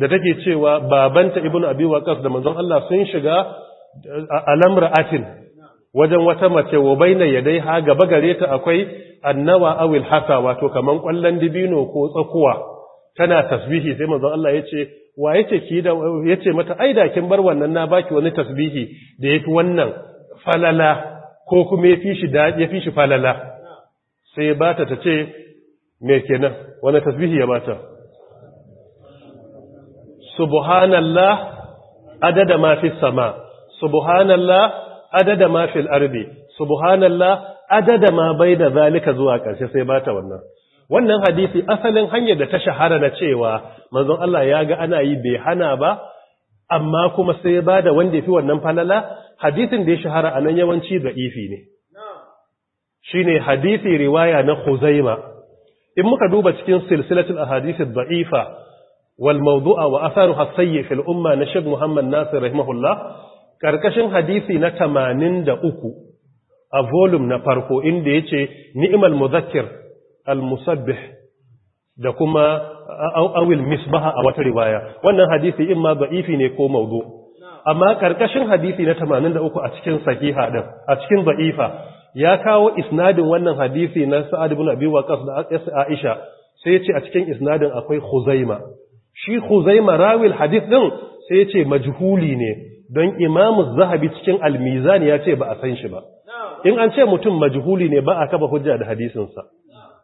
da take cewa babanta ibn Abi Waqqas da manzon Allah sun shiga alamra'atin wajen wata mace wa ya yadai ha gaba gare ta akwai annawa awil hasa wato kaman kwallon dibino ko tsakuwa tana tasbihi sai manzon Allah yace wa yace ki da yace mata ai da kin bar wannan na baki wani tasbihi da yafi wannan falala ko kuma yafi shi da yafi shi falala sai bata tace me kenan wani tasbihi ya bata subhanallah adada ma fi sama subhanallah adada ma fil ardi subhanallah adada ma baida zalika zuwa karshe sai bata wannan wannan hadisi asalin hanyar da ta shahara na cewa manzon Allah ya ga ana yi bai hana ba amma kuma sai ya bada wanda yafi wannan falala hadisin da ya shahara anan yawanci da ifi ne shine hadisi riwaya na Khuzaima in muka duba cikin silsilatul ahadith ad-da'ifa wal mawdu'a wa atharuha sayyi fil umma na Sheikh Muhammad Nasir rahimahullah ƙarƙashin hadisi na tamanin da uku a volume na farko inda ya ce ni'imal muzakir al-musabbih da kuma awil misbaha a wata riwaya wannan hadisi in ma ba'ifi ne ko maudu amma ƙarƙashin hadisi na tamanin da uku a cikin sahiha ɗin a cikin ba'ifa ya kawo isnadin wannan hadisi na sa'ad ibn abi waqas da aisha sai ce a cikin isnadin akwai huzaima shi huzaima rawil hadith din sai ce majhuli ne don imamu zahabi cikin almizani ya ce ba a san shi ba in an ce mutum majhuli ne ba a kafa hujja da hadisinsa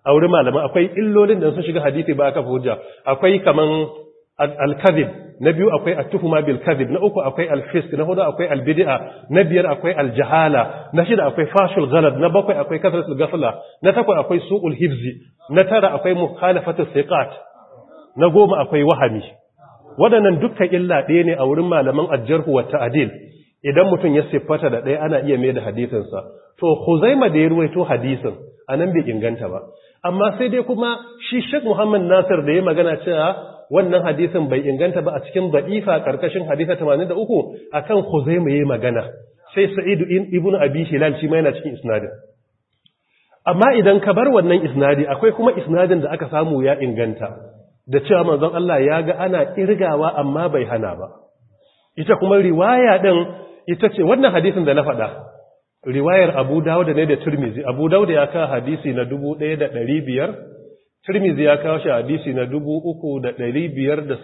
a wurin malamai akwai illolin da sun shiga hadisi ba a kafa hujja akwai kaman al-kadhib na biyu akwai at-tuhuma bil kadhib na uku akwai al-fisq na hudu akwai al-bid'a na biyar akwai al-jahala na shida akwai fashul ghalad na bakwai akwai kasratul ghafla na takwa akwai su'ul hibzi na tara akwai mukhalafatu thiqat na goma akwai wahami waɗannan dukka illa ɗaya ne a wurin malaman ajjarhu wa ta'adil idan mutum ya siffata da ɗaya ana iya mai da hadisinsa to huzaima da ya ruwaito hadisin a nan bai inganta ba amma sai dai kuma shi shek muhammad nasir da ya magana cewa wannan hadisin bai inganta ba a cikin da'ifa karkashin hadisa 83 akan huzaima ya magana sai sa'idu ibn abi hilal shi ma yana cikin isnadin amma idan ka bar wannan isnadi akwai kuma isnadin da aka samu ya inganta da cewa manzon Allah ya ga ana irgawa amma bai hana ba ita kuma riwaya din ita ce wannan hadisin da na faɗa riwayar Abu Dawud ne da Tirmidhi Abu Dawud ya kawo hadisi na 1500 Tirmidhi ya kawo shi hadisi na 3568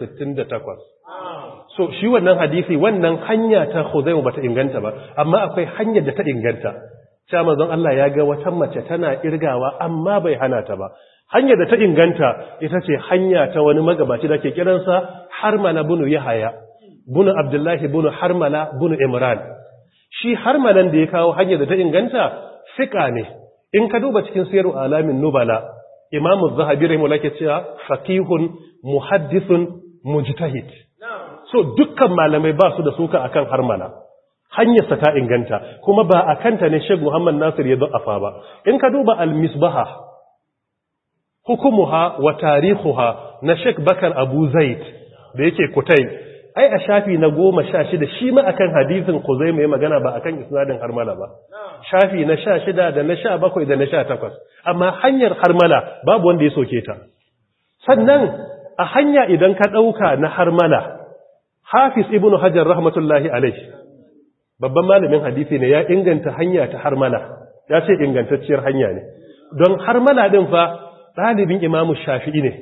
so shi wannan hadisi wannan hanya ta Khuzaimah bata inganta ba amma akwai hanyar da ta inganta cewa manzon Allah ya ga wata mace tana irgawa amma bai hana ta ba hanyar da ta inganta ita ce hanya ta wani magabaci da ke kiransa harmala bunu yahaya bunu abdullahi bunu harmala bunu imran shi harmalan da ya kawo hanyar da ta inganta fika ne in ka duba cikin siyar alamin nubala imamu zahabi rai ke cewa Fakihun muhaddisun mujtahid so dukkan malamai ba su da suka akan harmala hanyarsa ta inganta kuma ba a kanta ne shek Muhammad Nasir ya fa ba in ka duba al-misbaha hukumuha wa tarihuha na Sheikh Bakar Abu Zaid da yake Kutai ai a shafi na 16 shi ma akan hadisin Kuzai yayin magana ba akan isnadin Harmala ba shafi na 16 da na 17 da na 18 amma hanyar Harmala babu wanda ya soke ta sannan a hanya idan ka dauka na Harmala Hafiz Ibn Hajar rahmatullahi alaihi babban malamin hadisi ne ya inganta hanya ta Harmala ya ce ingantacciyar hanya ne don Harmala din fa ɗalibin imamu shafi'i ne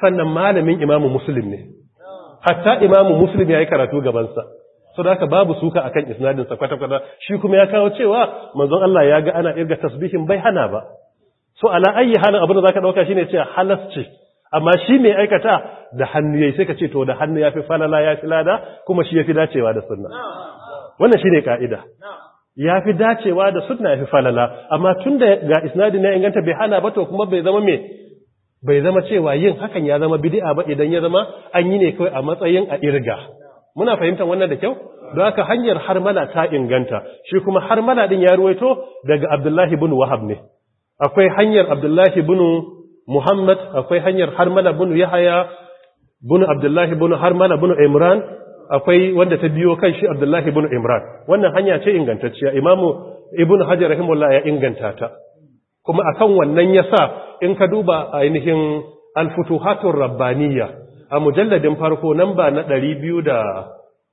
sannan malamin imamu muslim ne hatta imamu muslim ya yi karatu gabansa so da babu suka a kan isnadinsa kwata-kwata shi kuma ya kawo cewa manzon Allah ya ga ana irga tasbihin bai hana ba so ala ayi halin abin da zaka dauka ce halas ce, amma shi mai aikata da hannu ya yi sai ka ce to da hannu ya fi falala ya fi lada kuma shi ya fi dacewa da sunna wannan shi ne kaida ya fi dacewa da suna ya fi falala amma tun da ga isnadi na inganta bai hana ba to kuma bai zama me bai zama cewa yin hakan ya zama bidi'a ba idan ya zama an yi ne kawai a matsayin a irga muna fahimtar wannan da kyau don haka hanyar harmala ta inganta shi kuma harmala din ya ruwaito daga abdullahi bin wahab ne akwai hanyar abdullahi bin muhammad akwai hanyar harmala bin yahaya bin abdullahi bin harmala bin imran akwai wanda ta biyo kan shi Abdullahi ibn Imran wannan hanya ce ingantacciya imamu ibn Hajar rahimullah ya inganta ta kuma akan wannan yasa in ka duba ainihin al-futuhatur rabbaniyya a mujalladin farko namba na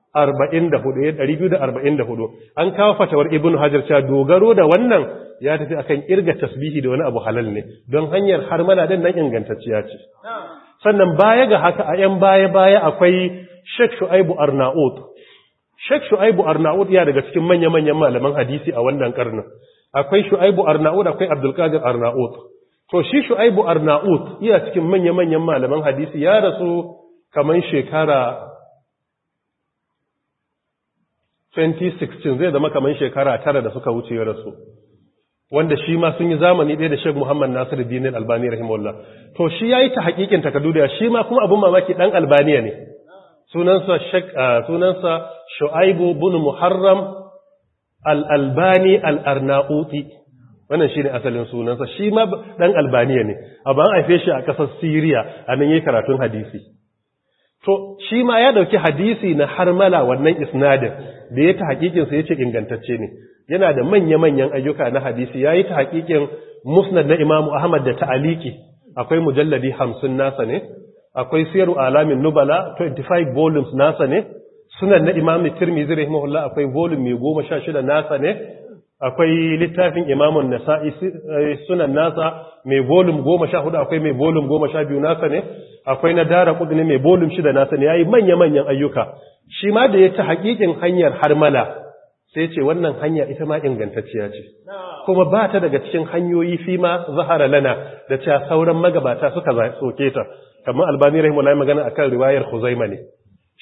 244 eh, an kawo fatawar ibn Hajar cewa dogaro da wannan ya tafi akan irga tasbihi da wani abu halal ne don hanyar har mana din nan ingantacciya ce sannan baya ga haka a 'yan baya-baya akwai Sheikh Shu'aibu Arnaud Sheikh Shu'aibu Arnaud ya daga cikin manya-manyan malaman hadisi a wannan karnin akwai Shu'aibu Arnaud akwai Abdul Qadir Arnaud to shi Shu'aibu Arnaud ya cikin manya-manyan malaman hadisi ya rasu kaman shekara 2016 zai zama kaman shekara tara da suka wuce ya rasu wanda shi ma sun yi zamani ɗaya da Sheikh Muhammad Nasiru Dinin Albani rahimahullah to shi yayi ta hakikin takardu da shi ma kuma abun mamaki dan Albaniya ne sunansa ah, sunansa shu'aibu bin muharram al-albani al-arnauti wannan shine asalin sunansa shi ma dan albaniya ne amma an haife shi a kasar syria anan yayin karatun hadisi to shi ma ya dauki hadisi na harmala wannan isnadin da ya ta hakikin sa yace ingantacce ne yana da manya-manyan ayyuka na hadisi yayi ta hakikin musnad na Imam Ahmad da ta'aliki akwai mujalladi 50 nasa ne akwai siyar alamin nubala 25 volumes nasa ne sunan na imam tirmizi rahimahullah akwai volume mai goma sha shida nasa ne akwai littafin imamun nasa'i eh, sunan nasa mai volume goma sha hudu akwai mai volume goma sha biyu nasa ne akwai na dara ne mai volume shida nasa ne ya yi manya-manyan ayyuka shi ma da ya ta hakikin hanyar harmala sai ce wannan hanya ita ma ingantacciya ce kuma ba ta daga cikin hanyoyi fi ma zahara lana da cewa sauran magabata suka soke ta kamar albani lai magana akan riwayar huzaima ne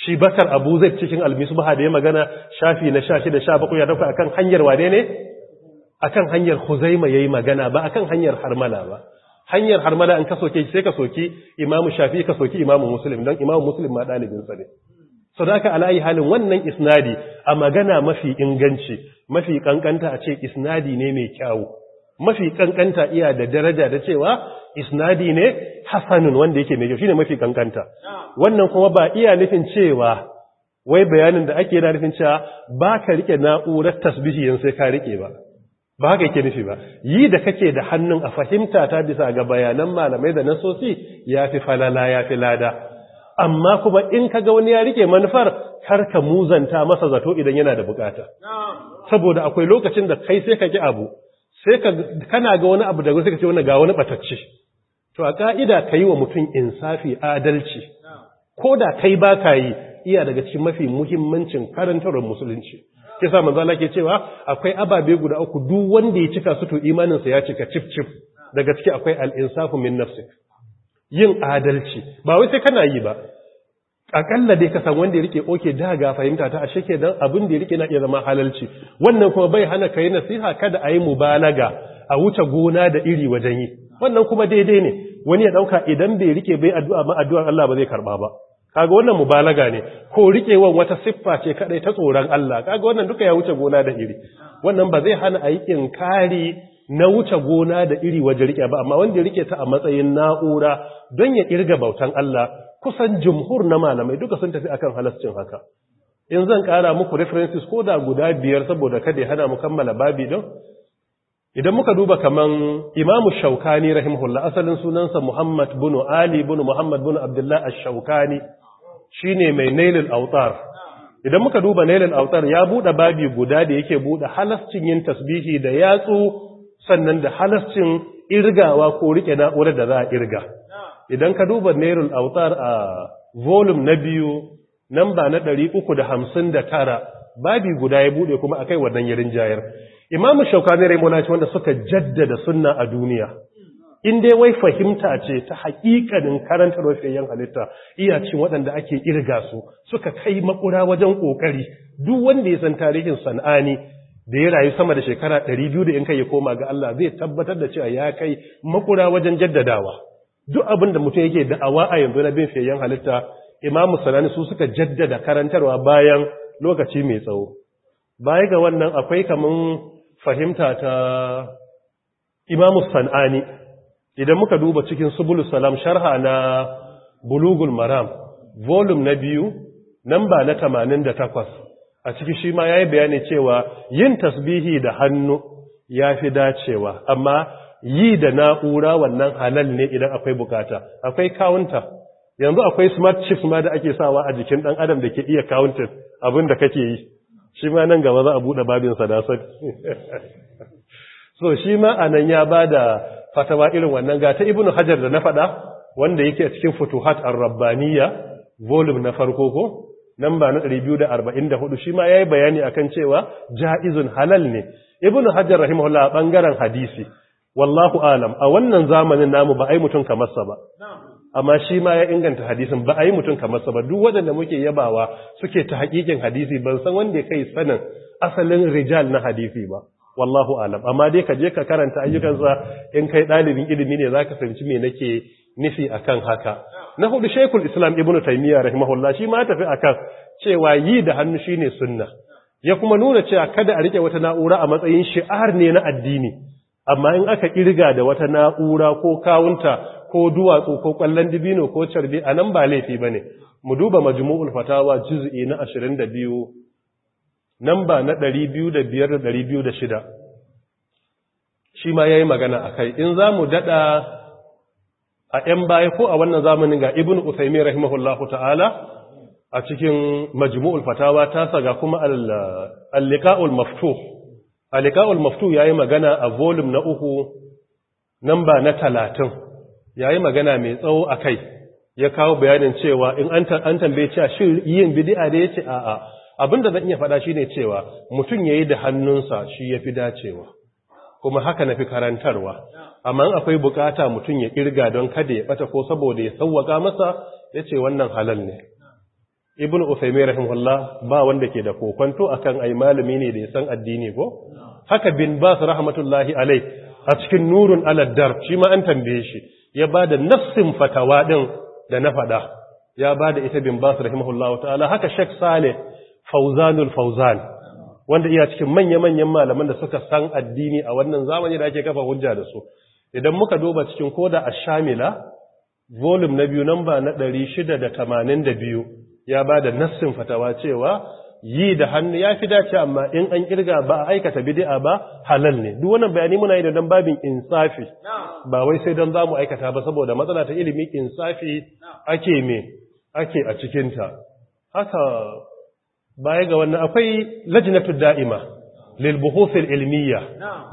shi bakar abu zai cikin ba da ya magana shafi na sha shida da bakwai, ya dauka akan hanyar wane ne akan hanyar ya yayi magana ba akan hanyar harmala ba hanyar harmala an ka soke sai ka soki imamu shafi ka soki imamu muslim don imamu muslim ma dalibin sa ne sadaka alayi halin wannan isnadi a magana mafi inganci mafi kankanta a ce isnadi ne mai kyawu mafi kankanta iya da daraja da cewa isnadi ne hasanun wanda yake mai kyau shine mafi kankanta wannan kuma ba iya nufin cewa wai bayanin da ake yana nufin cewa ba ka rike na'urar tasbihi yan sai ka rike ba ba haka yake nufi ba yi da kake da hannun a fahimta ta bisa ga bayanan malamai da nasosi ya fi falala ya fi lada amma kuma in ka ga wani ya rike manufar kar ka muzanta masa zato idan yana da bukata saboda akwai lokacin da kai sai ka ki abu sai ka kana ga wani abu daga sai ka ce wani ga wani batacce to a ka'ida kai wa mutum insafi adalci ko da kai ba ka yi iya daga cikin mafi muhimmancin karantarwar musulunci ke sa manzala ke cewa akwai ababe guda uku duk wanda ya cika su to imaninsa ya cika cif cif daga ciki akwai al-insafu min nafsik yin adalci ba wai sai kana yi ba akalla dai ka san wanda ya rike oke da ga fahimta ta ashe dan abin da ya rike na iya zama halalci wannan kuma bai hana kai nasiha kada ayi yi mubalaga a wuce gona da iri wajen yi wannan kuma daidai ne wani ya dauka idan bai rike bai addu'a ma addu'ar Allah ba zai karba ba kaga wannan mubalaga ne ko rikewan wata siffa ce kadai ta tsoron Allah kaga wannan duka ya wuce gona da iri wannan ba zai hana ayi yi inkari na wuce gona da iri waje rike ba amma wanda rike ta a matsayin na'ura don ya kirga bautan Allah kusan jumhur na malamai duka sun tafi akan halascin haka in zan kara muku references ko da guda biyar saboda kada ya hana mu kammala babi don idan muka duba kaman imamu shaukani rahimahullah asalin sunansa muhammad bin ali bin muhammad bin abdullah ash-shaukani shine mai nailul autar idan muka duba nailul autar ya bude babi guda da yake bude halascin yin tasbihi da yatsu sannan da halascin irgawa ko rike na'urar da za a irga idan ka duba nairul autar a volume na biyu ba na ɗari uku da da hamsin 359 babi guda ya bude kuma a akai wannan yirin jayar imamu shaukani ce wanda suka jaddada sunna a duniya in dai wai fahimta ce ta hakikanin karanta rufiyayyen halitta iya cin waɗanda ake irga su suka kai makura wajen ƙoƙari duk wanda ya san tarihin san'ani da ya rayu sama da shekara 200 in kai ya koma ga Allah zai tabbatar da cewa ya kai makura wajen jaddadawa duk abin da mutum yake da'awa a yanzu na bin fiyayyen halitta imamu sanani su suka jaddada karantarwa bayan lokaci mai tsawo baya ga wannan akwai kamun fahimta ta imamu sanani idan muka duba cikin subulu salam sharha na bulugul maram volume na biyu namba na 88 a ciki shi ma yi bayani cewa yin tasbihi da hannu ya fi dacewa amma yi da na'ura wannan halal ne idan akwai bukata akwai counter yanzu akwai smart chips ma da ake sawa a jikin dan adam da ke iya counting abin da kake yi shi ma nan gaba za a bude babin sadasar so shi ma anan ya ba da fatawa irin wannan ga ta ibnu hajar da na faɗa wanda yake cikin futuhat ar rabbaniya volume na farko ko Nan ba na 244 shi ma yi bayani a kan cewa jaizun halal ne ibnu hajar rahimahullah a bangaren hadisi wallahu alam a wannan zamanin namu ba ai mutun kamar sa ba amma shi ma ya inganta hadisin ba ai mutun kamar sa ba duk waɗanda muke yabawa suke ta hakikin hadisi ban san wanda kai sanin asalin rijal na hadisi ba wallahu alam amma dai ka je ka karanta ayyukansa in kai ɗalibin ilimi ne za ka fahimci me nake nufi akan haka na hudu shekul islam ibnu taimiyya rahimahullah shi ma tafi akan cewa yi da hannu shine sunna ya kuma nuna cewa kada a rike wata na'ura a matsayin shi'ar ne na addini amma in aka kirga da wata na'ura ko kawunta ko duwatsu ko kwallon dibino ko carbi a nan ba laifi bane mu duba majmu'ul fatawa juz'i na 22 namba na 205 da 206 shi ma yayi magana akai in za mu dada a ‘yan baya ko a wannan zamanin ga ibn Uthaymi rahimahullahu ta'ala a cikin majmu'ul fatawa tasa ga kuma al-liqa'ul maftuh al-liqa'ul maftuh yayi magana a volume na uku namba na 30 yayi magana mai tsawo a kai, ya kawo bayanin cewa in an tambaye cewa shin yin bid'a da yace a'a abinda zan iya faɗa shine cewa mutun yayi da hannunsa shi yafi dacewa kuma haka na fi karantarwa amma akwai bukata mutum ya kirga don kada ya bata ko saboda ya sauwaka masa ya ce wannan halal ne ibn usaimai rahimahullah ba wanda ke da kokonto akan ai malami ne da ya san addini ko haka bin bas rahmatullahi alai a cikin nurun aladdar shi ma an tambaye shi ya ba da nafsin fatawa din da na faɗa ya ba da ita bin su rahimahullah ta'ala haka shek sale fauzanul fauzan wanda iya cikin manya-manyan malaman da suka san addini a wannan zamani da ake kafa hujja da su idan muka duba cikin koda a shamila volume na biyu namba na 682 ya ba da nassin fatawa cewa yi da hannu ya fi dace amma in an kirga ba a aikata bidi'a ba halal ne duk wannan bayani muna yi da dan babin insafi ba wai sai dan zamu aikata ba saboda matsala ta ilimi insafi ake me ake a cikin ta haka baya ga wannan akwai Lajinatu da'ima lil buhuthil ilmiya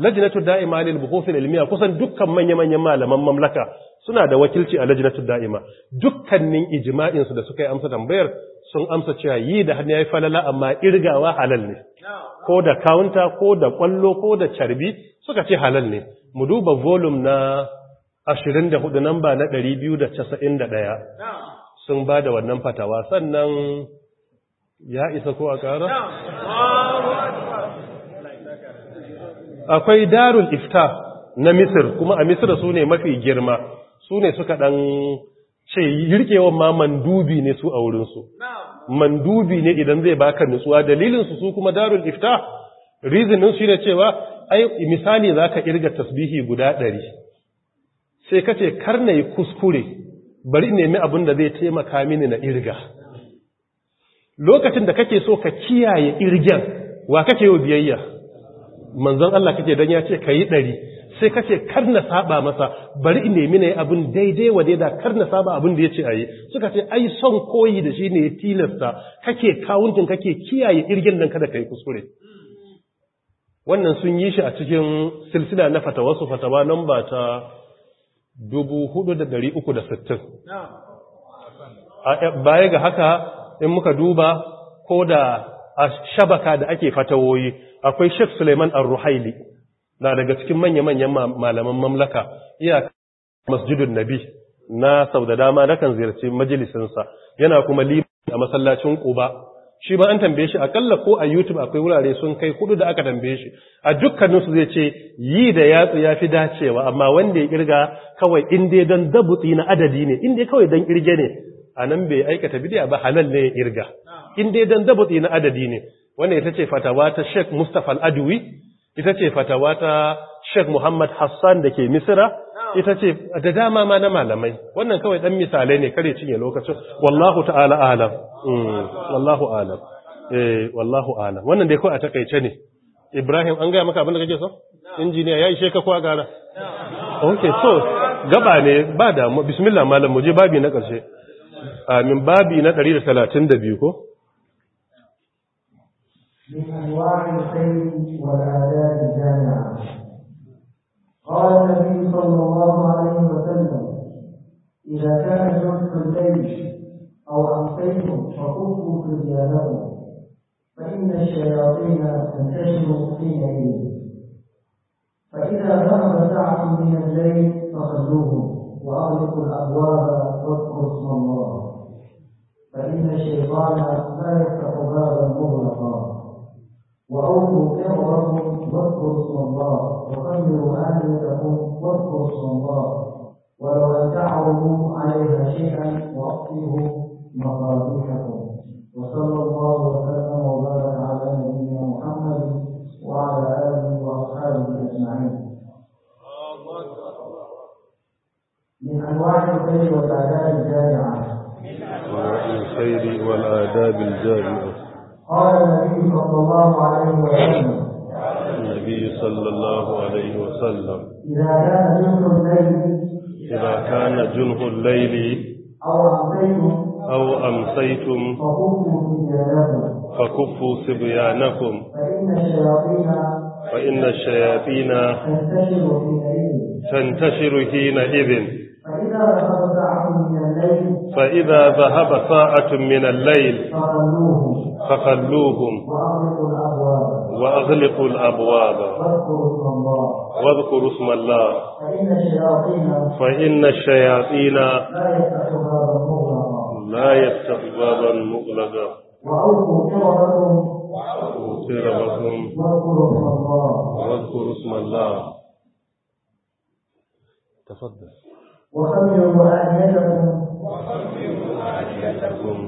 Lajinatu da'ima lil ilmiya kusan dukkan manya-manyan malaman mamlaka suna da wakilci a Lajinatu da'ima dukkanin ijma'in da suka yi amsa tambayar sun amsa cewa yi da hannu yayi falala amma irgawa halal ne ko da kaunta ko da kwallo ko da carbi suka ce halal ne mu duba volume na 24 namba na 291 sun ba da wannan fatawa sannan ya isa ko a ƙara? akwai darul ifta na misir kuma a misir su ne mafi girma su ne suka ɗan ce yirkewan ma mandubi ne su a wurinsu mandubi ne idan zai baka nutsuwa dalilinsu su kuma darul ifta rizinin shi ne cewa ai misali za ka irga tasbihi guda ɗari sai ka ce kar na yi kuskure bari nemi abin da zai taimaka mini na irga lokacin da kake so ka kiyaye irgen wa kake yau biyayya manzon Allah kake dan ya ce kayi ɗari sai kace kar na saba masa bari in nemi ne abin daidai wa daida kar na saba abin da yace ayi suka ce ai son koyi da shi ne ya tilasta kake kawuntin kake kiyaye irgen nan kada yi kuskure wannan sun yi shi a cikin silsila na fatawasu fatawa number ta 4360 eh, baya ga haka in muka duba ko da a shabaka da ake fatawoyi akwai Sheikh Suleiman Ar-Ruhaili na daga cikin manya-manyan malaman mamlaka iya masjidun Nabi na sau da dama nakan ziyarci majalisinsa yana kuma liman a masallacin Quba shi ba an tambaye shi akalla ko a YouTube akwai wurare sun kai kudu da aka tambaye shi a dukkanin zai ce yi da yatsu yafi dacewa amma wanda ya kirga kawai in dai dan dabuti na adadi ne in dai kawai dan kirge ne a nan bai aikata bidiya ba halal ne ya irga in dai dan dabatsi na adadi ne wannan ita ce fatawa ta Sheikh Mustafa Al-Adwi ita ce fatawa ta Sheikh Muhammad Hassan da ke Misira ita ce da dama ma na malamai wannan kawai dan misalai ne kare cinye lokacin wallahu ta'ala alam mm, wallahu alam eh wallahu alam wannan dai kawai a takeice ne Ibrahim an gaya maka abin da kake so injiniya yayi sheka ko gara okay so gaba ne ba da bismillah malam muje babi na karshe amin babi na 132 ko من أنواع الخير والآداب جامعة قال النبي صلى الله عليه وسلم إذا كان جرس الليل أو أمسيتم فكفوا فريالكم فإن الشياطين تنتشر حينئذ فإذا ذهب ساعة من الليل فخلوهم وأغلقوا الأبواب واذكروا اسم الله فإن الشيطان لا يفتح بابا مغلقا وأوفوا كركم واذكروا اسم الله وخيروا آلهتكم واذكروا اسم الله ولو أن تعرضوا عليها شيئا وأطفئوا مقاديحكم وصلى الله وسلم وبارك على نبينا محمد وعلى آله وأصحابه أجمعين. من أنواع الخير والآداب الجامعة الخير والآداب الجامعة قال النبي صلى الله عليه وسلم النبي صلى الله عليه وسلم إذا كان جنه الليل إذا كان جنه الليل أو أمسيتم أو أمسيتم فكفوا صبيانكم فكفوا صبيانكم فإن الشياطين فإن الشياطين تنتشر حينئذ تنتشر حينئذ فإذا ذهب ساعة من الليل فخلوهم وأغلقوا الأبواب واذكروا اسم الله فإن الشياطين لا يفتح بابا مغلقا وأوفوا كرمكم واذكروا اسم الله تفضل وخمروا أعينكم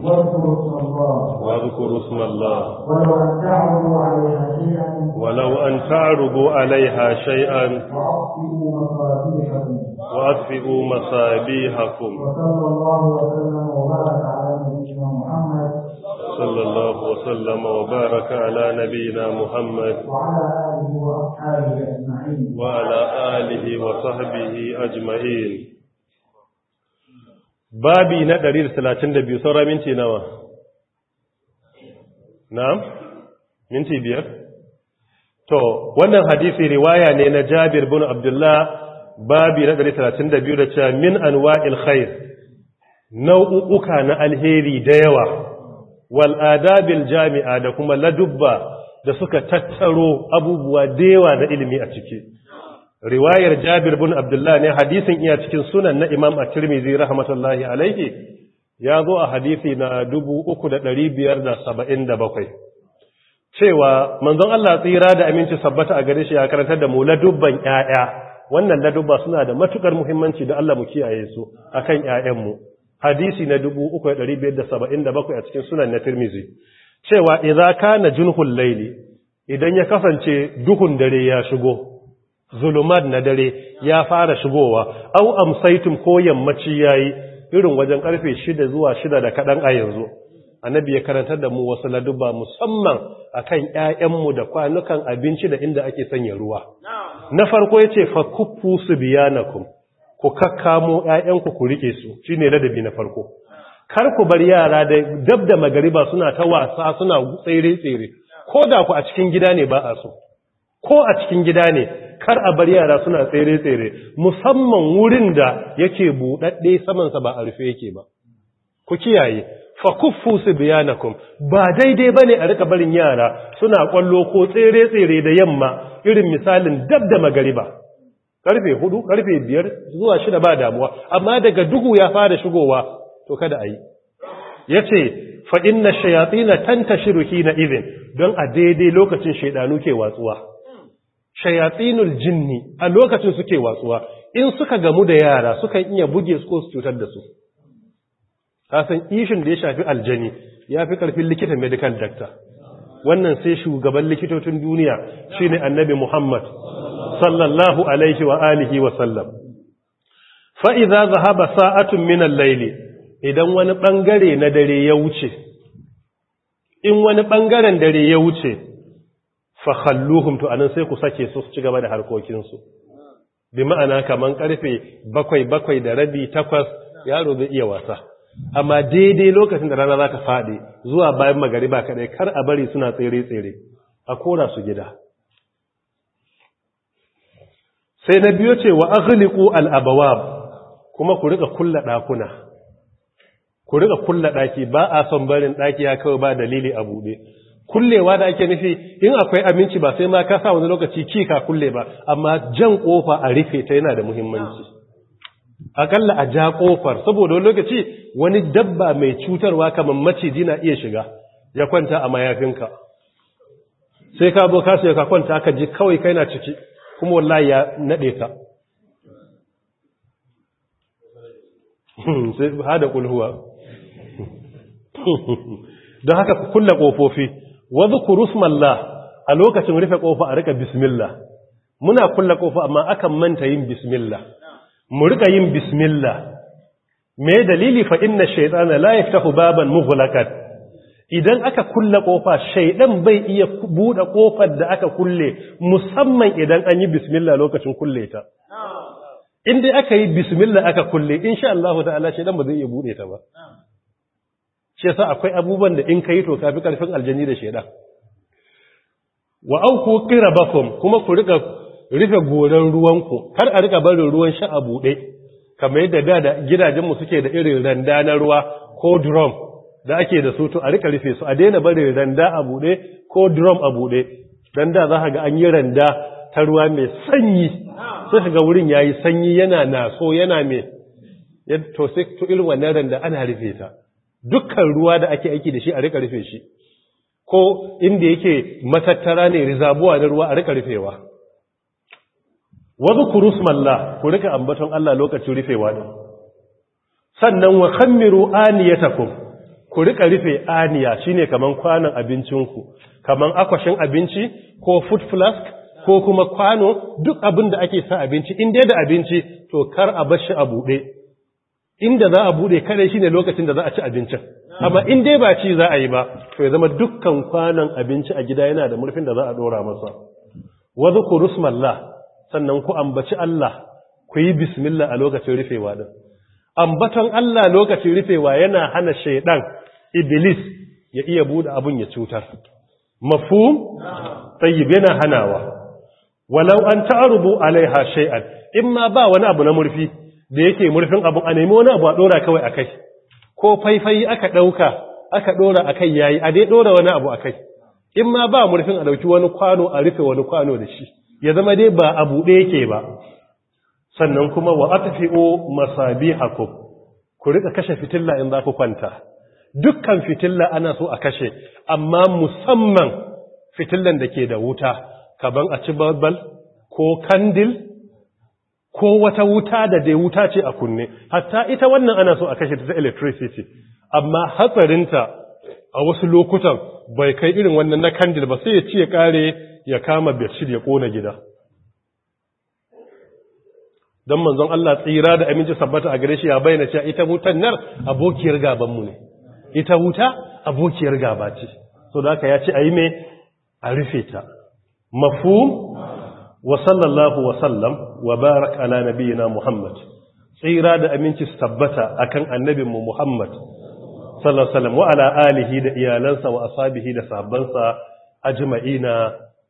واذكروا اسم الله واذكروا اسم الله ولو أن تعرضوا عليها شيئا ولو أن تعرضوا عليها شيئا وأطفئوا مصابيحكم وأطفئوا مصابيحكم وصلى الله وسلم وبارك على نبينا محمد صلى الله وسلم وبارك على نبينا محمد وعلى آله وأصحابه أجمعين وعلى آله وصحبه أجمعين babi na 132 saura minti nawa na'am minti biyar to wannan hadisi riwaya ne na Jabir bin Abdullah babi na 132 da cewa min anwa'il khair nau'uka na alheri da yawa wal adabil jami'a da kuma ladubba da suka tattaro abubuwa da yawa da ilimi a ciki riwayar Jabir bin abdullahi ne hadisin iya cikin sunan na Imam At-Tirmidhi rahmatullahi alayhi ya zo a hadisi na 3577 cewa manzon Allah tsira da aminci sabbata a gare shi ya karantar da mu ladubban 'ya'ya. wannan ladubba suna da matukar muhimmanci da Allah mu kiyaye su akan yayan mu hadisi na 3577 a cikin sunan na Tirmidhi cewa idza kana junhul layli idan ya kasance duhun dare ya shigo zulumat na dare ya fara shigowa au amsaitum ko yammaci yayi irin wajen karfe 6 zuwa 6 da kadan a yanzu annabi ya karantar da mu wasu laduba musamman akan ƴaƴanmu da kwanukan abinci da inda ake sanya ruwa na farko yace fa kuffu subyanakum ku kakkamo ƴaƴanku ku rike su shine ladabi na farko kar ku bar yara da dabda magariba suna ta wasa suna tsere tsere ko da ku a cikin gida ne ba a so ko a cikin gida ne kar a bar yara suna tsere-tsere musamman wurin da yake buɗaɗɗe samansa ba a rufe yake ba ku kiyaye fa kuffu su kun. ba daidai bane a rika barin yara suna kwallo ko tsere-tsere da yamma irin misalin dab da magariba karfe hudu karfe biyar zuwa shida ba damuwa amma daga duhu ya fara shigowa to kada a yi ya ce fa'in na shayatsi na tantashiru hina izin don a daidai lokacin shaidanu ke watsuwa shayatinul jinni a lokacin suke watsuwa in suka gamu da yara sukan iya buge su ko su cutar da su kasan ishin da ya shafi aljani ya fi karfin likita medical doctor wannan sai shugaban likitocin duniya shine annabi muhammad sallallahu alaihi wa alihi wa sallam fa idza zahaba sa'atun min al-layli idan wani bangare na dare ya wuce in wani bangaren dare ya wuce fahalluhum to anan sai ku sake su su ci gaba da harkokinsu bi ma'ana kaman karfe bakwai bakwai da rabi takwas yaro zai iya wasa amma daidai lokacin da rana za ta faɗi zuwa bayan magariba kaɗai kar a bari suna tsere-tsere a kora su gida sai na biyo ce wa aghliqu al abwab kuma ku rika kulla dakuna ku rika kulla daki ba a son barin daki ya kawai ba dalili a bude kullewa da ake nufi in akwai aminci ba sai ma ka sa wani lokaci ki ka kulle ba amma jan kofa a rufe ta yana da muhimmanci akalla a ja kofar saboda wani lokaci wani dabba mai cutarwa kamar maciji na iya shiga ya kwanta a mayafinka sai ka bo ka ka kwanta aka ji kawai kai na ciki kuma wallahi ya nade ka sai hada kulhuwa don haka kulle kofofi wadhkuru rusmalla a lokacin rufe kofa a rika bismillah muna kulla kofa amma akan manta yin bismillah mu rika yin bismillah me dalili fa inna shaytana la yaftahu baban mughlaqan idan aka kulla kofa shaydan bai iya bude ƙofar da aka kulle musamman idan an yi bismillah lokacin kulle ta in dai aka yi bismillah aka kulle insha Allah ta'ala shaydan ba zai iya bude ta ba shi sa akwai abubuwan da in ka yi to fi karfin aljani da shaidan. wa kira bakon kuma ku rika rufe goran ruwanku kar a rika barin ruwan sha a buɗe, kamar yadda da da gidajenmu suke da irin randa na ruwa ko drum da ake da su to a rika rufe su a daina barin randa a buɗe ko drum a buɗe. dan da za ka ga an yi randa ta ruwa mai sanyi sai ka ga wurin yayi sanyi yana naso yana mai to sai to irin wannan randa ana rufe ta dukkan ruwa da ake aiki da shi a rika rufe shi ko inda yake matattara ne rizabuwa na ruwa a rika rufewa wazu ku rusmalla ku rika ambaton Allah lokacin rufewa din sannan wa khammiru aniyatakum ku rika rufe aniya shine kaman kwanan ku, kaman akwashin abinci ko food flask ko kuma kwano duk abin da ake sa abinci in dai da abinci to kar a bar shi a bude inda za a bude kare shine lokacin da za a ci abincin amma in dai ba ci za a yi ba to ya zama dukkan kwanan abinci a gida yana da murfin da za a dora masa wa ku rusmalla sannan ku ambaci Allah ku yi bismillah a lokacin rufewa din Ambatan Allah lokacin rufewa yana hana shaidan iblis ya iya bude abun ya cutar mafhum tayyib yana hanawa walau an ta'rubu alaiha shay'an imma ba wani abu na murfi da yake murfin abin a nemi wani abu a ɗora kawai a kai ko faifai aka ɗauka aka ɗora a kai yayi a dai ɗora wani abu a kai in ma ba murfin a ɗauki wani kwano a rufe wani kwano da shi ya zama dai ba a buɗe yake ba sannan kuma wa o masabi haku ku rika kashe fitilla in za ku kwanta dukkan fitilla ana so a kashe amma musamman fitillan da ke da wuta kaban a ci babal ko kandil ko wata wuta da dai wuta ce a kunne hatta ita wannan ana so a kashe ta electricity amma hatsarinta a wasu lokutan bai kai irin wannan na candle ba sai ya ci ya kare ya kama bedsheet ya kona gida don manzon Allah tsira da aminci sabbata a gare shi ya bayyana cewa ita wutan nar abokiyar gaban mu ne ita wuta abokiyar gaba ce so da haka ya ce ayi me a rufe ta mafhum wa sallallahu wa sallam wa barak ala nabiyina Muhammad tsira da aminci su tabbata akan annabinmu Muhammad sallallahu alaihi wasallam wa ala alihi da iyalansa wa ashabihi da sahabbansa ajma'ina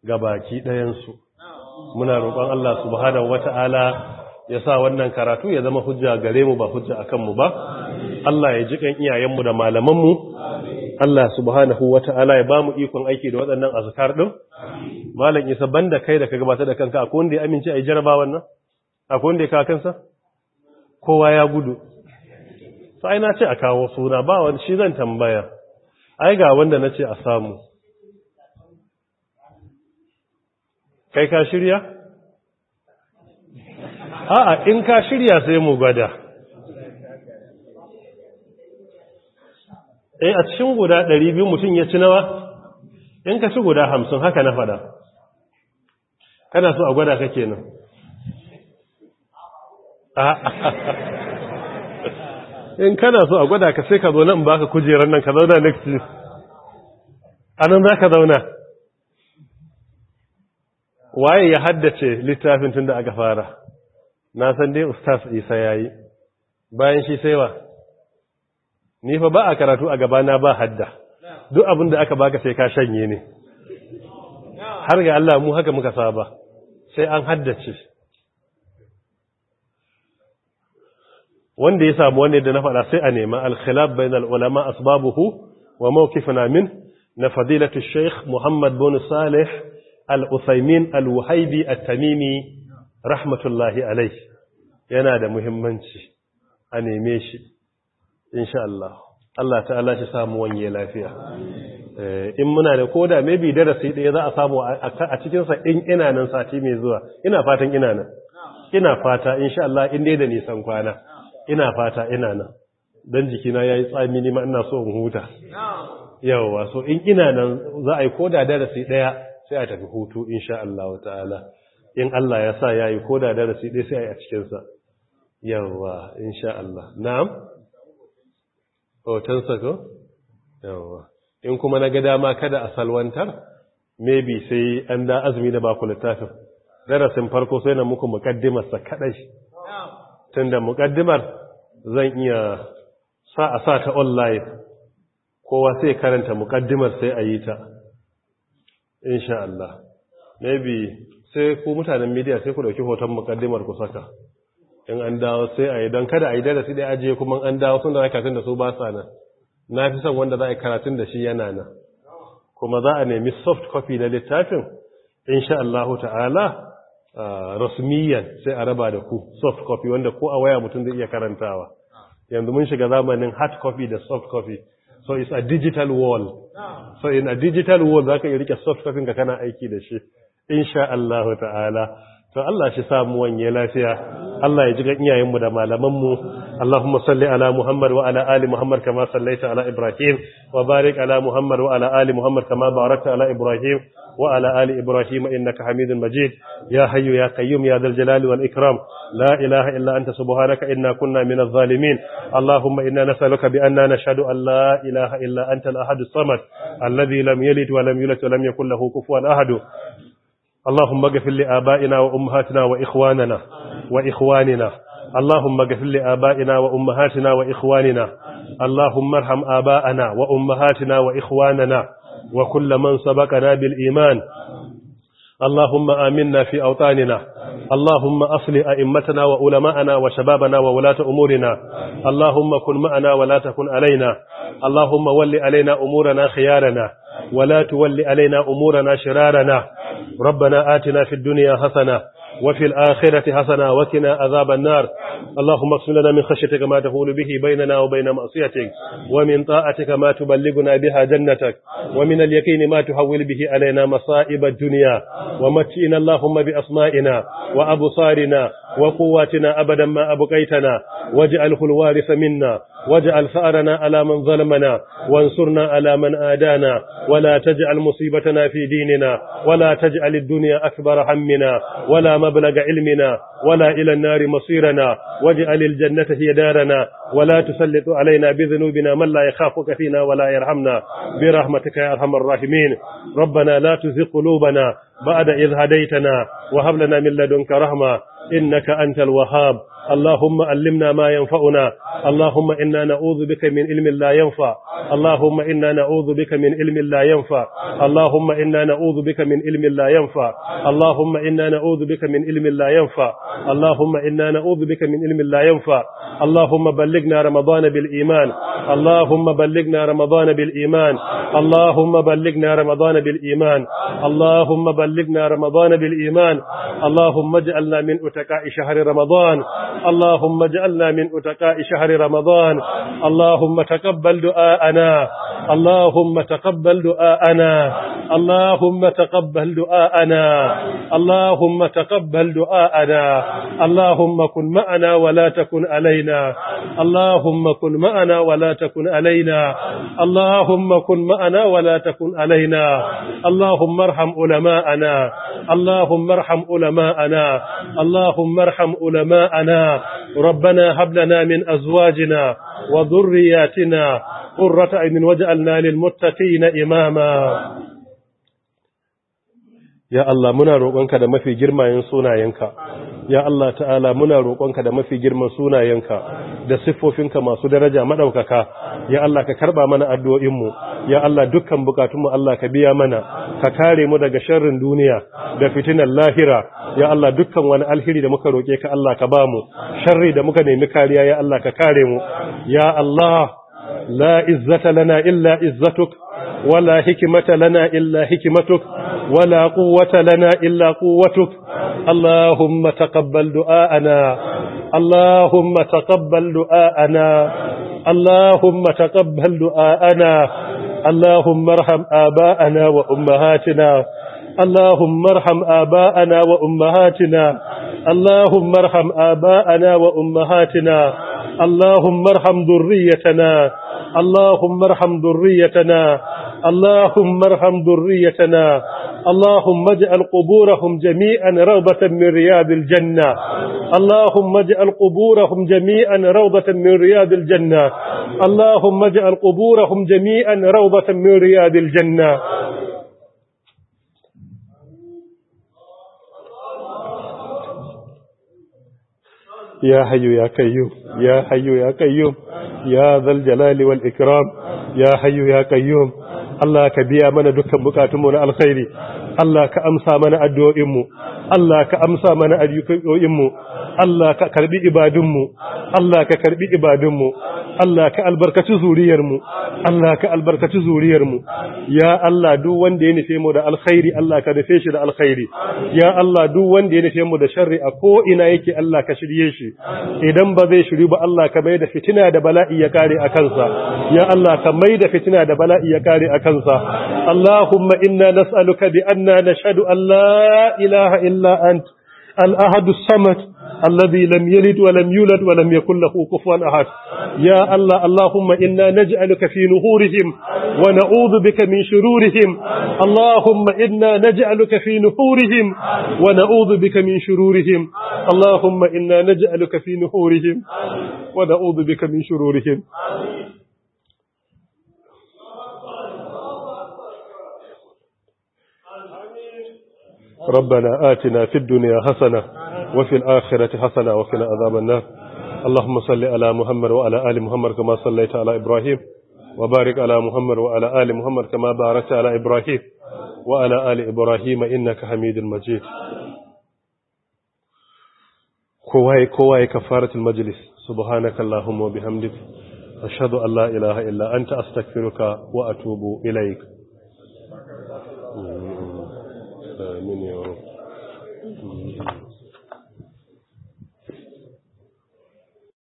gabaki baki su muna roƙon Allah subhanahu wata'ala ya sa wannan karatu ya zama hujja gare mu ba hujja akan mu ba Allah ya ji kan iyayenmu da malaman mu. Allah subhanahu wa ta'ala ya ba mu ikon aiki da waɗannan azkar ɗin? Malam Isa ban da kai da ka gabata da kanka, akwai wanda ya amince a yi jaraba wannan? Akwai wanda ya kawo kansa? Kowa ya gudu. Sai na ce a kawo suna ba wani shi zan tambaya, ai ga wanda na ce a samu. Kai ka shirya? A'a, in ka shirya sai mu gwada. E a cikin guda 200 mutum ya ci nawa in ka ci guda 50 haka na fada kana so a gwada ka kenan ah. in kana so a gwada ka sai ka zo nan baka kujerar nan ka zauna next anan za ka zauna waye ya haddace littafin tun da aka fara na san dai ustaz isa yayi bayan shi sai wa ni fa ba a karatu a gabana ba hadda duk abin da aka baka sai ka shanye ne har ga Allah mu haka muka saba sai an haddace wanda ya samu wanne da na faɗa sai a nema al-khilaf bainal ulama asbabuhu wa mawqifuna min na fadilatu shaykh Muhammad bin Salih al-Uthaymin al-Wahibi at-Tamimi rahmatullahi alai, yana da muhimmanci a neme shi insha Allah Allah ta'ala shi samu wanye lafiya eh, in muna da koda maybe darasi ɗaya za a samu a cikinsa in ina nan sati mai zuwa ina fatan ina nan ina fata insha Allah in dai da nisan kwana ina fata ina nan dan jikina yayi tsami ne ma ina so in huta yawa so in ina nan za a yi koda darasi ɗaya sai a tafi hutu insha Allah ta'ala in Allah ya sa yayi koda darasi ɗaya sai a yi a cikinsa yawa insha Allah na'am hotonsa ko? yawa in kuma na ga dama kada a salwantar maybe sai an da azumi da baku littafin darasin farko sai na muku muƙaddimarsa kaɗai tun da muƙaddimar zan iya sa a sa ta online kowa sai karanta muƙaddimar sai a yi ta insha Allah maybe sai ku mutanen media sai ku ɗauki hoton mukaddimar ku saka in an dawo sai a yi don kada a yi darasi da ajiye kuma an dawo sun da za karatun da su ba sa nan na fi son wanda za a yi karatun da shi yana nan kuma za a nemi soft copy na littafin sha Allah ta'ala rasmiyan sai a raba da ku soft copy wanda ko a waya mutum zai iya karantawa yanzu mun shiga zamanin hard copy da soft copy so it's a digital wall so in a digital wall za ka iya rike soft copy ka kana aiki da shi insha Allah ta'ala to Allah shi samu wanye lafiya Allah ya ji gan iyayenmu da malamanmu Allahumma salli ala Muhammad wa ala ali Muhammad kama sallaita ala Ibrahim wa barik ala Muhammad wa ali Muhammad kama barakta ala Ibrahim wa ali Ibrahim innaka Hamidul Majid ya hayyu ya kayyum ya dhal jalali wal ikram la ilaha illa anta subhanaka inna kunna minadh zalimin Allahumma inna nas'aluka bi anna nashhadu an la ilaha illa anta al-ahad as-samad alladhi lam yalid wa lam yulad wa lam ahadu اللهم اغفر لآبائنا وأمهاتنا وإخواننا وإخواننا اللهم اغفر لآبائنا وأمهاتنا وإخواننا اللهم ارحم آباءنا وأمهاتنا وإخواننا وكل من سبقنا بالإيمان اللهم آمنا في أوطاننا اللهم أصل أئمتنا وعلماءنا وشبابنا وولاة أمورنا اللهم كن معنا ولا تكن علينا اللهم ولي علينا أمورنا خيارنا ولا تول علينا أمورنا شرارنا ربنا آتنا في الدنيا حسنة وفي الآخرة حسنة وكنا عذاب النار اللهم اقسم لنا من خشيتك ما تقول به بيننا وبين معصيتك ومن طاعتك ما تبلغنا بها جنتك ومن اليقين ما تحول به علينا مصائب الدنيا ومتئنا اللهم بأسمائنا وأبصارنا وقواتنا أبدا ما أبقيتنا واجعله الوارث منا واجعل ثأرنا على من ظلمنا وانصرنا على من آدانا ولا تجعل مصيبتنا في ديننا ولا تجعل الدنيا أكبر همنا ولا مبلغ علمنا ولا إلى النار مصيرنا واجعل الجنة هي دارنا ولا تسلط علينا بذنوبنا من لا يخافك فينا ولا يرحمنا برحمتك يا أرحم الراحمين ربنا لا تزغ قلوبنا بعد إذ هديتنا وهب لنا من لدنك رحمة إنك أنت الوهاب اللهم علمنا ما ينفعنا اللهم إنا نعوذ بك من علم لا ينفع اللهم إنا نعوذ بك من علم لا ينفع اللهم إنا نعوذ بك من علم لا ينفع اللهم إنا نعوذ بك من علم لا ينفع اللهم إنا نعوذ بك من علم لا ينفع اللهم بلغنا رمضان بالإيمان اللهم بلغنا رمضان بالإيمان اللهم بلغنا رمضان بالإيمان اللهم بلغنا رمضان بالإيمان اللهم اجعلنا من أتقاء شهر رمضان اللهم اجعلنا من أتقاء شهر رمضان اللهم تقبل دعاءنا اللهم تقبل دعاءنا اللهم تقبل دعاءنا اللهم تقبل دعاءنا اللهم كن معنا ولا تكن علينا اللهم كن معنا ولا تكن علينا اللهم كن معنا ولا تكن علينا اللهم ارحم علماءنا اللهم ارحم علماءنا اللهم اللهم ارحم علماءنا ربنا هب لنا من أزواجنا وذرياتنا قرة عين واجعلنا للمتقين إماما يا الله منا روقنك da mafi girmayen sunayenka ya Allah ta'ala muna roƙonka da mafi girman sunayenka da siffofinka masu daraja madaukaka ya Allah ka karba mana addu'o'inmu ya Allah dukkan bukatunmu Allah ka biya mana ka kare mu daga sharrin duniya da fitinan lahira ya Allah dukkan wani alheri da muka roƙe ka Allah ka ba mu sharri da muka nemi kariya ya Allah ka kare mu ya Allah لا عزة لنا إلا عزتك ولا حكمة لنا إلا حكمتك ولا قوة لنا إلا قوتك اللهم تقبل دعاءنا اللهم تقبل دعاءنا اللهم تقبل دعاءنا اللهم ارحم آباءنا وأمهاتنا اللهم ارحم آباءنا وأمهاتنا اللهم ارحم آباءنا وأمهاتنا اللهم ارحم ذريتنا اللهم ارحم ذريتنا اللهم ارحم ذريتنا اللهم اجعل قبورهم جميعا روضة من رياض الجنة اللهم اجعل قبورهم جميعا روضة من رياض الجنة اللهم اجعل قبورهم جميعا روضة من رياض الجنة يا حي يا قيوم يا حي يا قيوم يا ذا الجلال والإكرام يا حي يا قيوم Allah ka biya mana dukkan bukatunmu na alkhairi Allah ka amsa mana mu. Allah ka amsa mana ayyukoyinmu Allah ka karbi ibadunmu Allah ka karbi ibadunmu Allah ka albarkaci zuriyarmu Allah ka albarkaci zuriyarmu ya Allah duk wanda ya nufe mu da alkhairi Allah ka dafe shi da alkhairi ya Allah duk wanda ya nufe mu da sharri a ko ina yake Allah ka shirye shi idan ba zai shiri ba Allah ka mai da fitina da bala'i ya kare a kansa ya Allah ka mai da fitina da bala'i ya kare a kansa Allahumma inna nas'aluka bi anna nashhadu an la ilaha illa إلا أنت الأحد الصمد الذي لم يلد ولم يولد ولم يكن له كفوا أحد يا الله اللهم إنا نجعلك في نهورهم ونعوذ بك من شرورهم اللهم إنا نجعلك في نهورهم ونعوذ بك من شرورهم اللهم إنا نجعلك في نهورهم ونعوذ بك من شرورهم ربنا آتنا في الدنيا حسنة وفي الآخرة حسنة وقنا عذاب النار اللهم صل على محمد وعلى آل محمد كما صليت على إبراهيم وبارك على محمد وعلى آل محمد كما باركت على إبراهيم وعلى آل إبراهيم إنك حميد مجيد كواي كواي كفارة المجلس سبحانك اللهم وبحمدك أشهد أن لا إله إلا أنت أستغفرك وأتوب إليك 呃，命令。